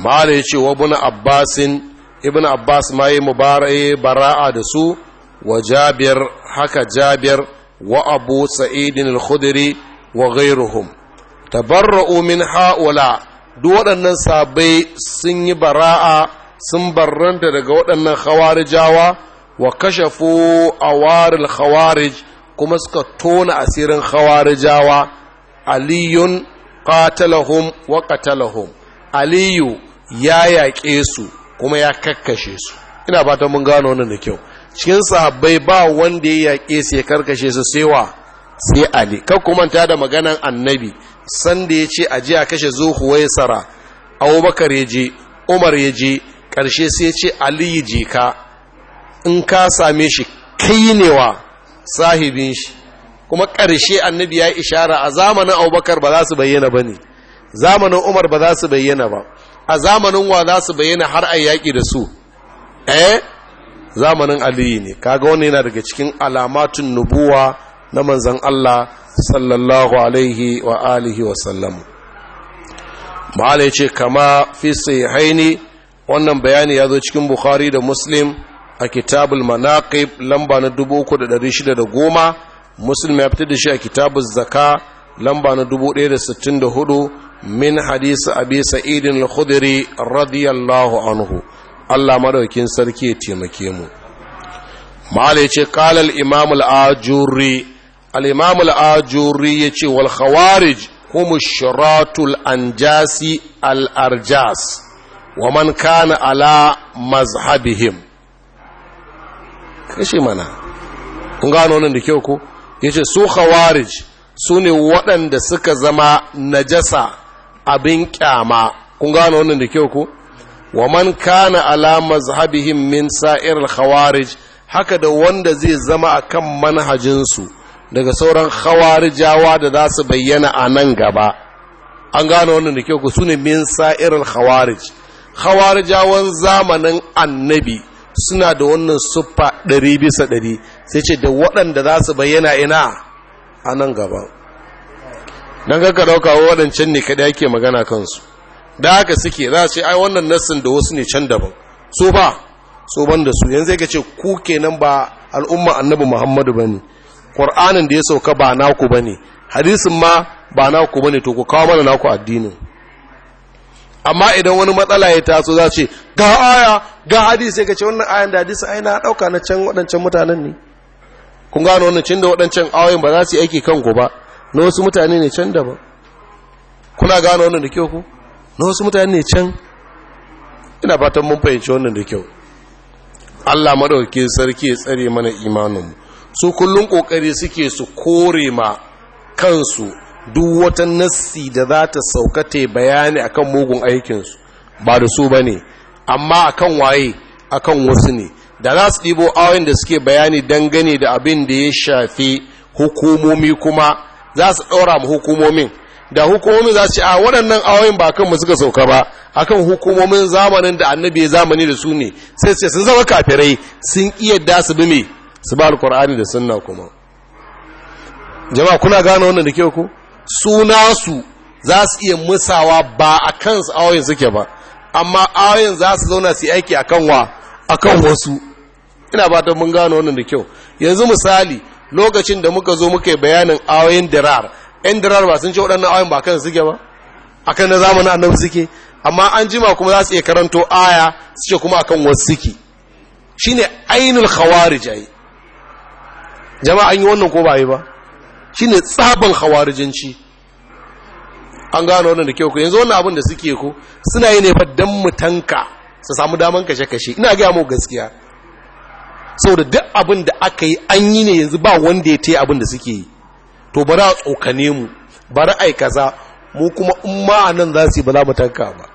[SPEAKER 1] mala ya ce wa ibn abbasin ibn abbas ma yi bara'a da su wa jabir haka jabir wa abu sa'idin al-khudri wa ghairuhum tabarra'u min ha'ula duk waɗannan sabai sun yi bara'a sun barranta daga waɗannan khawarijawa wa kashafu awaril khawarij kuma suka tona asirin khawarijawa aliyun qatalahum wa qatalahum aliyu ya yaƙe su kuma ya kakkashe su ina fatan mun gano wannan da kyau cikin sahabbai ba wanda ya yaƙe su ya karkashe su sai wa sai ali kar ku manta da maganan annabi sanda ya ce a a kashe zuhuwaisara abubakar ya je umar ya je ƙarshe sai ya ce ali je ka in ka same shi kai ne wa sahibin shi kuma ƙarshe annabi ya ishara a zamanin abubakar ba za su bayyana ba ne zamanin umar ba za su bayyana ba a zamanin wa za su bayyana har a yaƙi da su eh zamanin aliyu ne kaga wani yana daga cikin alamatun nubuwa na manzan allah sallallahu alaihi wa alihi wa sallam. ma'ala ya ce kama fi haini wannan bayani ya zo cikin bukhari da muslim a kitabul manaqib lamba na da goma. muslim ya fitar da shi a kitabun zaka lamba na 1064 min hadisi abi sa'idin al-khudri radiyallahu anhu Allah madaukin sarki ya taimake mu mala yace qala al-imam al-ajuri al-imam al-ajuri yace wal khawarij hum shiratul anjasi al-arjas wa man kana ala mazhabihim kashi mana kun gano nan da kyau ko yace su khawarij su ne waɗanda suka zama najasa abin kyama kun gano wannan da kyau ku. wa man kana ala mazhabihim min sa'ir khawarij haka da wanda zai zama akan manhajinsu daga sauran khawarijawa da za su bayyana a nan gaba an gano wannan da kyau ku su ne min sa'ir khawarij khawarijawan zamanin annabi suna da wannan sufa ɗari bisa ɗari sai ce da waɗanda za su bayyana ina a nan gaba don ka ɗauka waɗancan ne kaɗai ake magana kansu da haka suke za su ce ai wannan nassin da wasu ne can daban su ba su ban da su yanzu ya ce ku kenan ba al'umma annabi muhammadu ba ne ƙur'anin da ya sauka ba naku ba ne hadisin ma ba naku ba ne to ku kawo mana naku addinin amma idan wani matsala ya taso za ce ga aya ga hadisi sai ka ce wannan ayan da hadisi ai na dauka na can waɗancan mutanen ne kun gano wannan cin da wadancan ayoyin ba za su yi aiki ku ba na wasu mutane ne can ba kuna gano wannan da kyau ku na wasu mutane ne can ina fatan mun fahimci wannan da kyau Allah madaukakin sarki ya tsare mana imaninmu su kullun kokari suke su kore ma kansu duk wata nassi da za ta saukate bayani akan mugun aikinsu ba da su ba ne amma akan waye akan wasu ne da za su ɗibo awon da suke bayani dangane da abin da ya shafi hukumomi kuma za su ɗora ma hukumomin da hukumomin za su ce a waɗannan awon ba kanmu suka sauka ba akan hukumomin zamanin da annabi ya zamani da su ne sai sai sun zama kafirai sun iya da su bi me su ba alkur'ani da sunna kuma jama'a kuna gane wannan da kyau ko suna su za su iya musawa ba a kansu ayoyin suke ba amma ayoyin za su zauna su aiki aiki kan wa kan wasu ina ba ta mun gano wannan da kyau yanzu misali lokacin da muka zo muka yi bayanin ayoyin dirar yan dirar ba sun ce waɗannan ayoyin ba kan suke ba akan na zamanin annabi suke amma an jima kuma za su iya karanto aya su ce kuma akan wasu suke shine ainul khawarij ai jama'a an yi wannan ko ba yi ba shine tsaban hawarijanci an gano wannan da kyau ku yanzu wannan abin da suke ku suna yi ne fa dan mutanka su samu daman kashe kashe ina ga mu gaskiya saboda duk abin da aka yi an yi ne yanzu ba wanda ya taya abin da suke yi to bari a tsokane mu bari ai kaza mu kuma in ma anan za su yi ba za mu tanka ba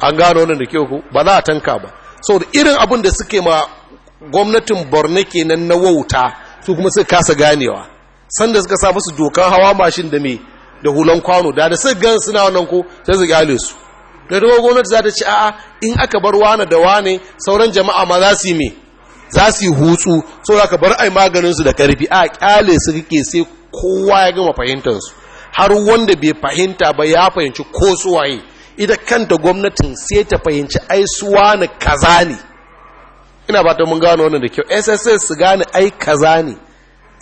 [SPEAKER 1] an gano wannan da kyau ku ba za a tanka ba saboda irin abin da suke ma gwamnatin Borno kenan na wauta su kuma suka kasa ganewa sanda suka sa musu dokan hawa mashin da me da hulan kwano da da su gan suna wannan ko sai su gyale su da dawo gwamnati za ta ci a'a in aka bar wane da wane sauran jama'a ma za su yi me za su yi hutsu so za ka bar ai maganin su da karfi a kyale su kike sai kowa ya gama fahimtar su har wanda bai fahimta ba ya fahimci ko suwaye ita kanta gwamnatin sai ta fahimci ai su wani kaza ne ina ba ta mun gano wannan da kyau sss su gane ai kaza ne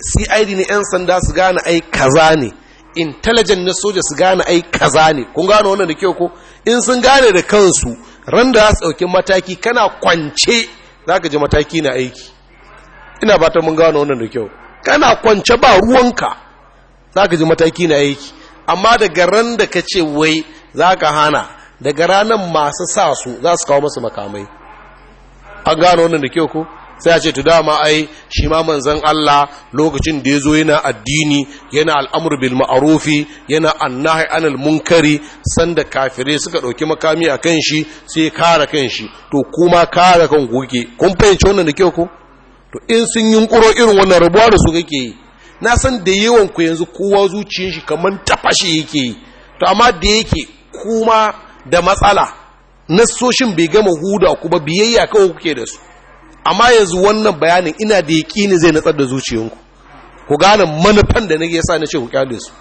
[SPEAKER 1] cid ne 'yan sanda su gane ai kaza ne intelligent na soja su gane ai kaza ne kun gane wannan da kyau ko in sun gane da kansu ran da su dauki mataki kana kwance za ka ji mataki na aiki ina ba ta mun gane wannan da kyau kana kwance ba ruwanka za ka ji mataki na aiki amma daga ran da ka ce wai za ka hana daga ranar masu sa su za su kawo masu makamai an gane wannan da kyau ko sai ce to dama ai shi ma manzon Allah lokacin da yazo yana addini yana al'amru bil ma'rufi yana annahi anil munkari sanda kafire suka dauki makami akan shi sai kare kan shi to kuma kare kan goge kun fahimci wannan da kyau ko to in sun yunkuro irin wannan rabuwa da su kake yi na san da yawan ku yanzu kowa zuciyar shi kaman tafashi yake yi to amma da yake kuma da matsala nassoshin bai gama huda ku ba biyayya kawai kuke da su amma yanzu wannan bayanin ina da yaƙini zai natsar da zuciyanku ku gane manufan da nake yasa na ce ku kyale su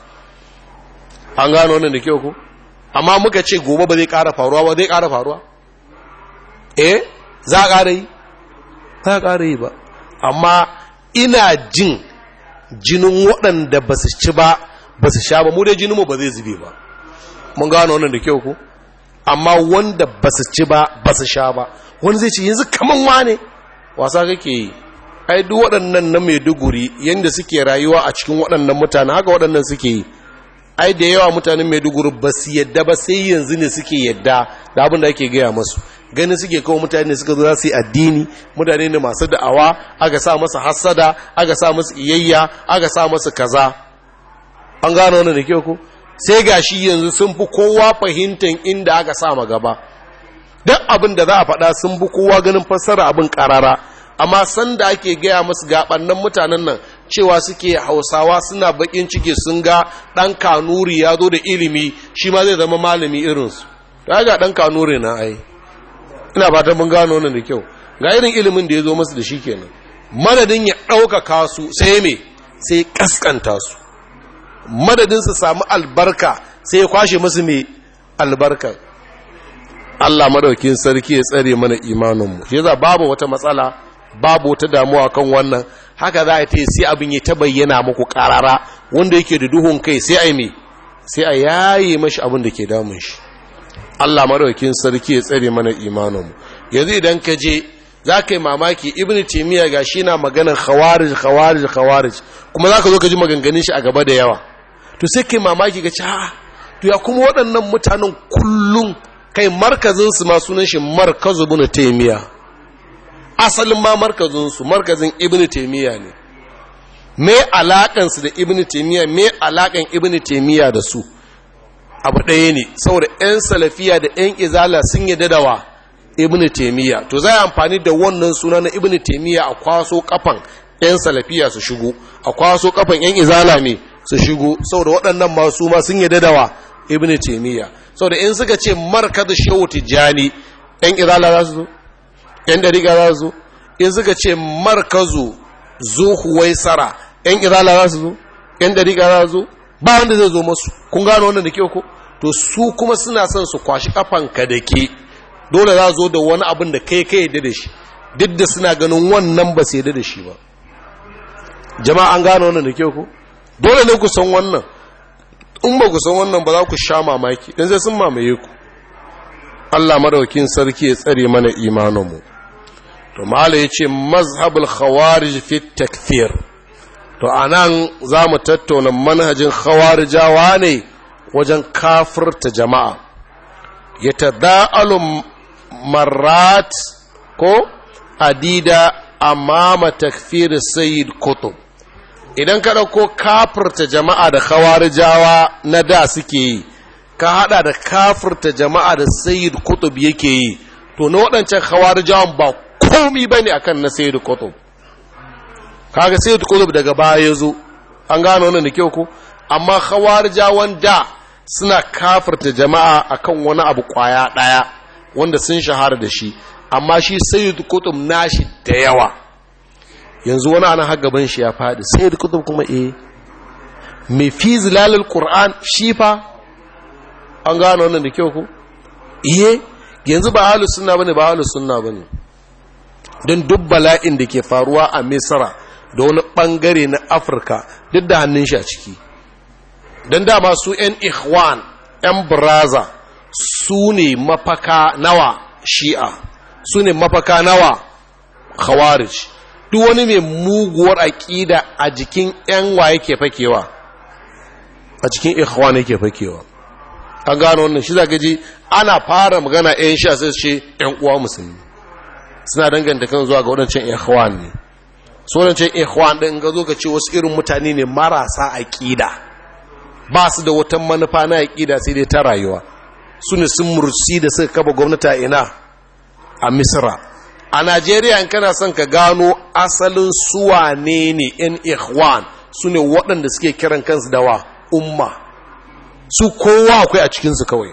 [SPEAKER 1] an gano wannan da kyau ku amma muka ce gobe ba zai ƙara faruwa ba zai ƙara faruwa eh za a ƙara yi za a ƙara yi ba amma ina jin jinin waɗanda ba su ci ba ba su sha ba mu dai mu ba zai zube ba mun gano wannan da kyau ku amma wanda ba su ci ba ba su sha ba wani zai ce yanzu kaman wane ne wasa kake yi ai duk waɗannan na maiduguri yadda suke rayuwa a cikin waɗannan mutane haka waɗannan suke yi ai da yawa mutanen maiduguri ba su yadda ba sai yanzu ne suke yadda da abin da ake gaya masu Gani suke kawo mutane suka zo za su yi addini mutane ne masu da'awa aka sa masa hassada aka sa masa iyayya aka sa masa kaza an gano wannan da kyau ko sai gashi yanzu sun fi kowa fahimtar inda aka sa ma gaba duk abin da za a faɗa sun bi kowa ganin fassara abin ƙarara amma sanda ake gaya musu gaɓannan mutanen nan cewa suke hausawa suna baƙin ciki sun ga ɗan kanuri ya zo da ilimi shi ma zai zama malami irinsu ta ga ɗan kanuri na ai ina fatan mun gano nan da kyau ga irin ilimin da ya zo musu da shi kenan madadin ya ɗaukaka su sai me sai kaskanta su madadin su samu albarka sai ya kwashe musu me albarkar
[SPEAKER 2] Allah madaukin
[SPEAKER 1] sarki ya tsare mana imaninmu shi yasa babu wata matsala babu wata damuwa kan wannan haka za a ta sai abin ya ta bayyana muku karara wanda yake da duhun kai sai ai me sai a yayi mashi abin da ke damun shi Allah madaukin sarki ya tsare mana mu. yanzu idan ka je za ka yi mamaki ibn timiya ga shi na maganar khawarij khawarij khawarij kuma za ka zo ka ji maganganun shi a gaba da yawa to sai ka yi mamaki ka ci to ya kuma waɗannan mutanen kullum kai markazinsu ma sunan shi markazu ibn taimiya asalin ma markazinsu markazin ibn taimiya ne me alakansu da ibn taimiya me alakan ibn taimiya da su abu ɗaya ne saboda 'yan salafiya da 'yan izala sun yi dadawa ibn taimiya to za a amfani da wannan suna na ibn taimiya a kwaso kafan 'yan salafiya su shigo a kwaso kafan 'yan izala ne su shigo saboda waɗannan masu ma sun yi dadawa ibn taimiya sau da in suka ce markazu shehu tijjani yan izala za su zo yan dariga za su zo in suka ce markazu zuhuwai sara yan izala za su zo yan dariga za su zo ba wanda zai zo masu kun gano wannan da kyau ko to su kuma suna son su kwashi kafanka da ke dole za zo da wani abin da kai kai da shi duk da suna ganin wannan ba sai da shi ba jama'a an gano wannan da kyau ko dole ne ku san wannan in ba ku san wannan ba za ku sha mamaki ɗin sai sun mamaye ku Allah maraukin sarki ya tsare mana imaninmu to ya yace mazhabul khawarij fi takfir to anan mu tattauna manhajin khawarijawa ne wajen kafirta jama'a Ya ta da'alun Marat ko adida amama takfir sayid kutub idan ka ɗauko kafirta jama'a da khawarijawa na da suke yi ka haɗa da kafirta jama'a da sayyid kutub yake yi to na waɗancan khawarijawan ba komi ba ne akan na sayyid kutub kaga sayyid kutub daga baya ya zo an gano wannan da kyau ko amma khawarijawan da suna kafirta jama'a akan wani abu kwaya ɗaya wanda sun shahara da shi amma shi sayyid kutub nashi da yawa yanzu wani ana gaban shi ya faɗi sai da kutub kuma eh mai fi zilalil qur'an shi fa an gano wannan da kyau ku iye eh, yanzu ba halus suna bane ba halus suna bane don duk bala'in da ke faruwa a misra da wani bangare na afirka duk da hannun shi a ciki don dama su 'yan ikhwan 'yan braza su ne mafaka nawa shi'a su ne mafaka nawa khawarij duk wani mai muguwar aƙida a jikin ‘yan waye ke fakewa a cikin ikhwan ke fakewa an gano wannan shi zagaji ana fara magana ‘yan sha sai ce ‘yan uwa musulmi suna danganta kan zuwa ga waɗancan ikhwan ne so waɗancan ikhwan ɗin ga zo ka ce wasu irin mutane ne marasa aƙida ba su da wata manufa na aƙida sai dai ta rayuwa su ne sun mursi da suka kaba gwamnati a ina a Misira. a najeriya in kana son ka gano asalin suwa ne ne in ikhwan su ne waɗanda suke kiran kansu dawa umma su kowa akwai a cikinsu kawai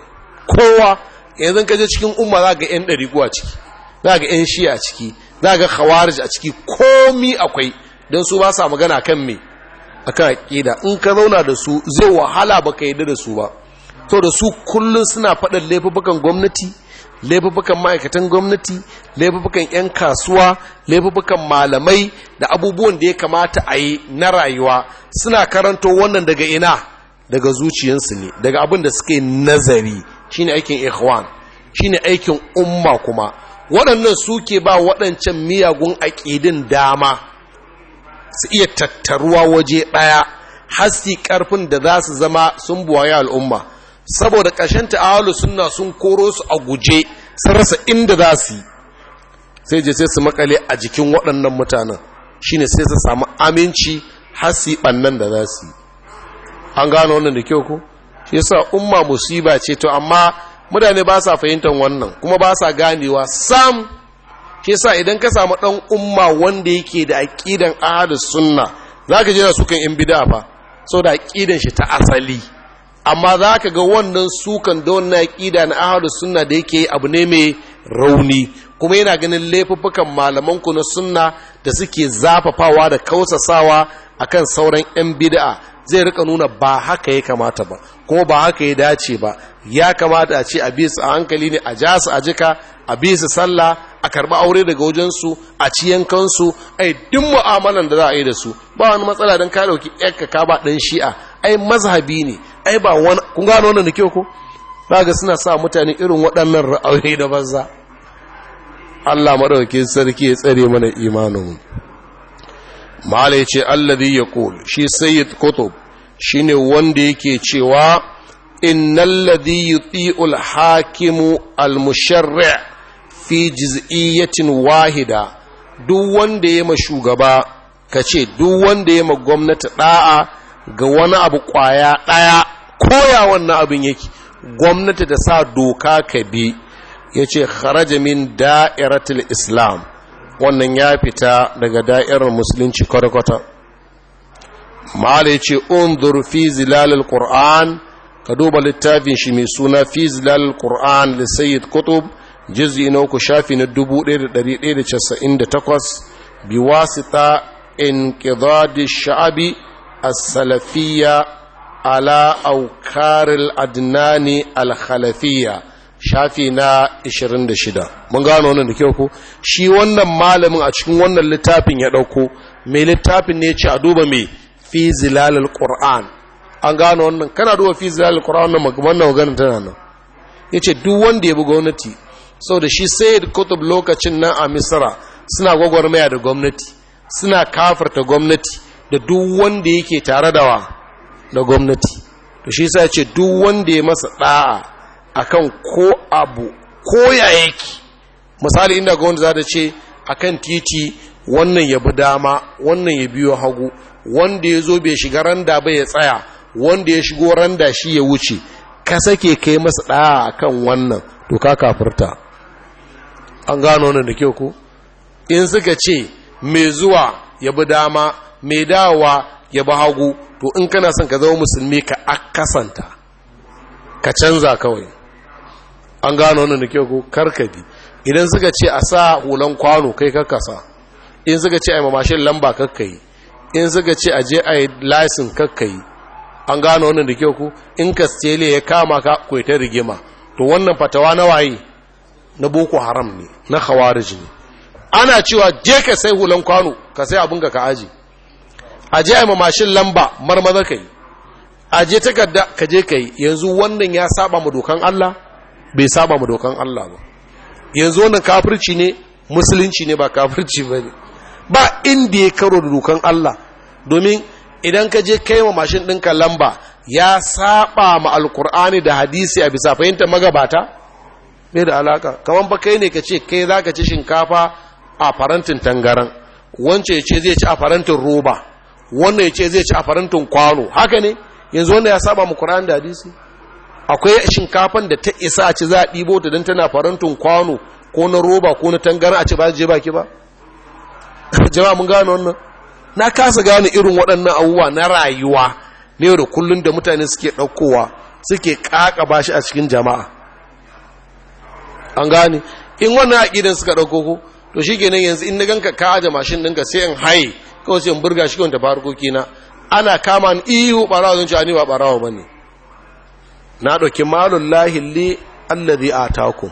[SPEAKER 1] kowa yanzu ka je cikin umma za ga 'yan ɗari a ciki za ga 'yan shi a ciki za ga khawarij a ciki komi akwai don su ba sa magana kan me a kan aƙida in ka zauna da su zai wahala ba ka yi da su ba to da su kullum suna faɗin laifukan gwamnati laifukan ma'aikatan gwamnati laifukan 'yan kasuwa laifukan malamai da abubuwan da ya kamata a yi na rayuwa suna karanto wannan daga ina daga zuciyarsu ne daga abin da suke nazari shine aikin ikhwan shine aikin umma kuma waɗannan suke ba waɗancan miyagun aƙidin dama su iya tattaruwa waje ɗaya hasti ƙarfin da za su zama sun buwaye al'umma saboda ƙarshen ta'alu suna sun koro su a guje sun rasa inda za su yi sai je sai su makale a jikin waɗannan mutanen shine sai su samu aminci har su ɓannan da za su yi an gano wannan da kyau ko shi yasa umma musiba ce to amma mutane ba sa fahimtar wannan kuma ba sa ganewa sam shi yasa idan ka samu ɗan umma wanda yake da aƙidan suna, sunna ka je da sukan yan bid'a Sau da aƙidan shi ta asali amma za ka ga wannan sukan da wannan aƙida na ahadu sunna da yake abu ne mai rauni kuma yana ganin laifuffukan malamanku na sunna da suke zafafawa da kausasawa akan sauran 'yan bid'a zai rika nuna ba haka ya kamata ba kuma ba haka ya dace ba ya kamata a ce a bi su a hankali ne a ja su a jika a bi su sallah a karɓi aure daga wajensu a ci yankansu ai duk mu'amalan da za a yi da su ba wani matsala don ka ɗauki ka ba ɗan shi'a ai mazhabi ne ai ba wani kun gano wannan da kyau ko ga suna sa mutane irin waɗannan ra'ayoyi da banza Allah madaukakin sarki ya tsare mana imaninmu mala yace alladhi yaqul shi sayyid kutub shine wanda yake cewa innal ladhi yuti'ul hakimu al musharri' fi juz'iyyatin wahida duk wanda ya shugaba kace duk wanda ya ma gwamnati da'a ga wani abu kwaya daya koya wannan abin yake gwamnati da sa doka ka bi ya ce kharaja min da'iratul islam wannan ya fita daga da'irar musulunci kwarkwata kwata ma'ala ya ce unzur fi zilalil qur'an ka duba littafin shi mai suna fi zilalil qur'an da sayyid kutub jizgi na uku shafi na 1198 biwasita in da sha'abi a salafiyya ala aukaril الأدنان الخلفية shafi na إشرين mun gano wannan da kyau ko shi wannan malamin a cikin wannan littafin ya dauko mai littafin ne ce a duba mai fi qur'an an gano wannan kana duba fi zilalul qur'an na wannan maganar tana nan yace duk wanda ya bi gwamnati da shi sayyid kutub lokacin nan a misra suna gwagwarmaya da gwamnati suna kafarta gwamnati da duk wanda yake tare da wa na gwamnati to shi sa ce duk wanda ya masa ɗa'a akan ko abu ko ya yake misali inda gwamnati za ta ce akan titi wannan ya bi dama wannan ya biyo hagu wanda ya zo bai shiga randa bai ya tsaya wanda ya shigo randa shi ya wuce ka sake kai masa ɗaya akan wannan to ka kafurta an gano nan da kyau ko in suka ce mai zuwa ya bi dama mai dawa ya ba hagu to in kana son ka zama musulmi ka akasanta ka canza kawai an gano wannan da kyau karkabi idan suka ce a sa hulan kwano kai karkasa in suka ce a yi mamashin lamba karkayi in suka ce a je a yi lasin karkayi an gano wannan da kyau ko in ka stele ya kama ka kwai rigima to wannan fatawa na waye na boko haram ne na khawarij ne ana cewa je ka sai hulan kwano ka sai abin ka ka aji a je a mashin lamba marmaza ka yi a je takarda ka je ka yi yanzu wannan ya saba mu dokan Allah bai saba mu dokan Allah ba yanzu wannan kafirci ne musulunci ne ba kafirci ba ne ba inda ya karo da dokan Allah domin idan ka je kai ma mashin ɗinka lamba ya saba ma alkur'ani da hadisi a bisa fahimta magabata ne da alaka kamar ba kai ne ka ce kai za ka ci shinkafa a farantin tangaran wance ce zai ci a farantin roba wannan ya ce zai ci a farantin kwano haka ne yanzu wanda ya saba mu Qur'an da hadisi akwai shinkafan da ta isa a ci za a ɗibo ta don tana farantin kwano ko na roba ko na tangara a ci ba je baki ba jama'a mun gano wannan na kasa gane irin waɗannan abubuwa na rayuwa ne da kullun da mutane suke ɗaukowa suke ƙaƙaba shi a cikin jama'a an gane in wannan aƙidan suka ɗauko ko to shi kenan yanzu in na ganka ka aje mashin ɗinka sai in haye kawai sai in burga shi kawai tafi harkoki na ana kama ni ihu ɓarawa zan ci ni ba ɓarawa ba ne na ɗauki malun allah zai a taku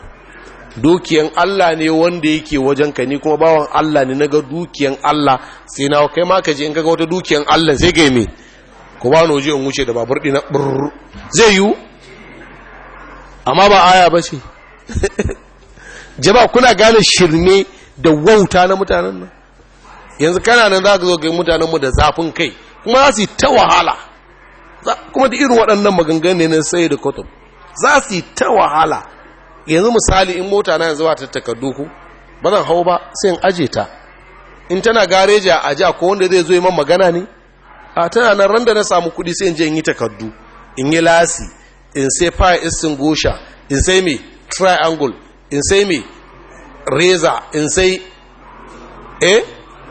[SPEAKER 1] dukiyan Allah ne wanda yake wajen ka ni kuma bawan Allah ne na ga dukiyan Allah sai na kai ma ka je in ga wata dukiyan Allah sai ga me ko ba waje in wuce da babur dina burr zai yu amma ba aya ba ce jaba kuna gane shirme da wauta na mutanen nan yanzu kana nan za ka zo ga mutanenmu da zafin kai kuma za su yi ta wahala kuma da irin waɗannan maganganu ne na sai da kotun za su yi ta wahala yanzu misali in mota na yanzu ba ta takardu ku ba zan hau ba sai in aje ta in tana gareji a aji ko wanda zai zo yi man magana ne a tana nan randa na samu kuɗi sai in je in yi takardu in yi lasi in sai fire istin gosha in sai mai triangle in sai mai reza in sai eh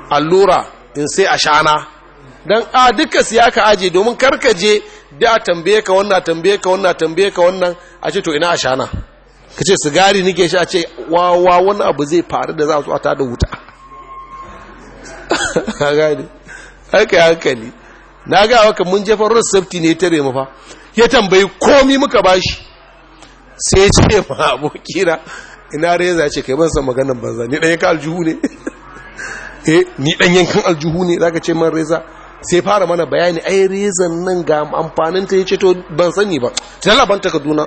[SPEAKER 1] allura in sai ashana dan a duka siya ka aje domin karkaje da a tambaye ka wannan tambaye ka wannan tambaye ka wannan a ce to ina ashana ka ce sigari nike shi a ce wa wani abu zai faru da za su ta da wuta gani haka hankali na ga waka mun jefa road safety ne tare mu fa ya tambayi komi muka bashi sai ce ma abokina ina reza ce kai ban san maganan banza ni dan yankan aljuhu ne eh ni dan yankan aljuhu ne zaka ce man reza sai fara mana bayani ai rezan nan ga amfanin ta yace to ban sani ba talla ban takaduna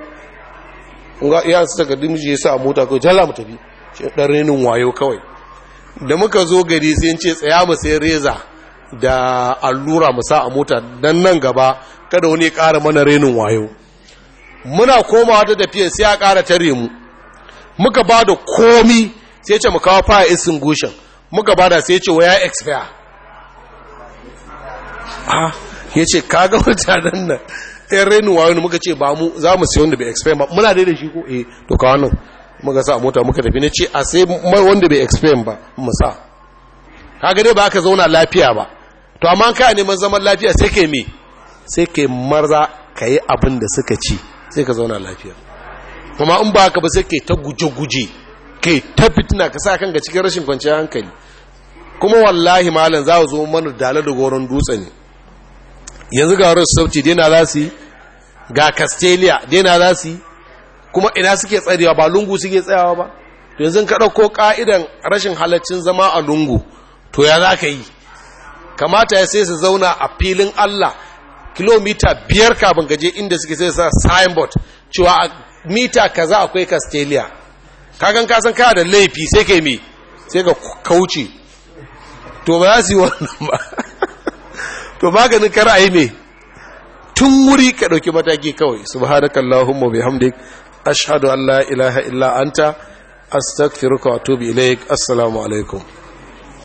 [SPEAKER 1] ga iya su takaddu miji yasa a mota ko talla mu tafi shi dan renin wayo kawai da muka zo gari sai ce tsaya mu sai reza da allura mu sa a mota dan nan gaba kada wani ya ƙara mana renin wayo muna komawa ta tafiya sai ya ƙara tare mu muka ba da komi sai ce mu kawo fire extinguisher muka ba da sai ce waya expire Ha ya ce kaga mutanen nan ɗan rainin wa ne muka ce ba mu za mu sayi wanda bai expire ba muna dai da shi ko eh to kawo nan muka sa mota muka tafi na ce a sai wanda bai expire ba mu sa kaga dai ba ka zauna lafiya ba to amma ka neman zaman lafiya sai kai me sai kai marza ka yi abin da suka ci sai ka zauna lafiya kuma in ba ka ba sai ke ta guje-guje ke ta fitina ka sa kan ga cikin rashin kwanciyar hankali kuma wallahi malam za zo mana dala da goron dutse ne yanzu ga wurin sauci dena za su yi ga castelia dena za su yi kuma ina suke tsarewa ba lungu suke tsayawa ba to yanzu ka ɗauko ƙa'idan rashin halaccin zama a lungu to ya za ka yi kamata ya sai su zauna a filin allah kilomita biyar kafin gaje inda suke sai sa signboard cewa mita kaza akwai kastiliya kagan kasan kaya da laifi sai ka mi sai ka kauce to ba za su yi wannan ba to maganin kar a yi ne tun wuri ka ɗauki mataki kawai subhanakallahumma bihamdik ashhadu an la ilaha illa anta astaghfiruka wa atubu ilaik assalamu alaikum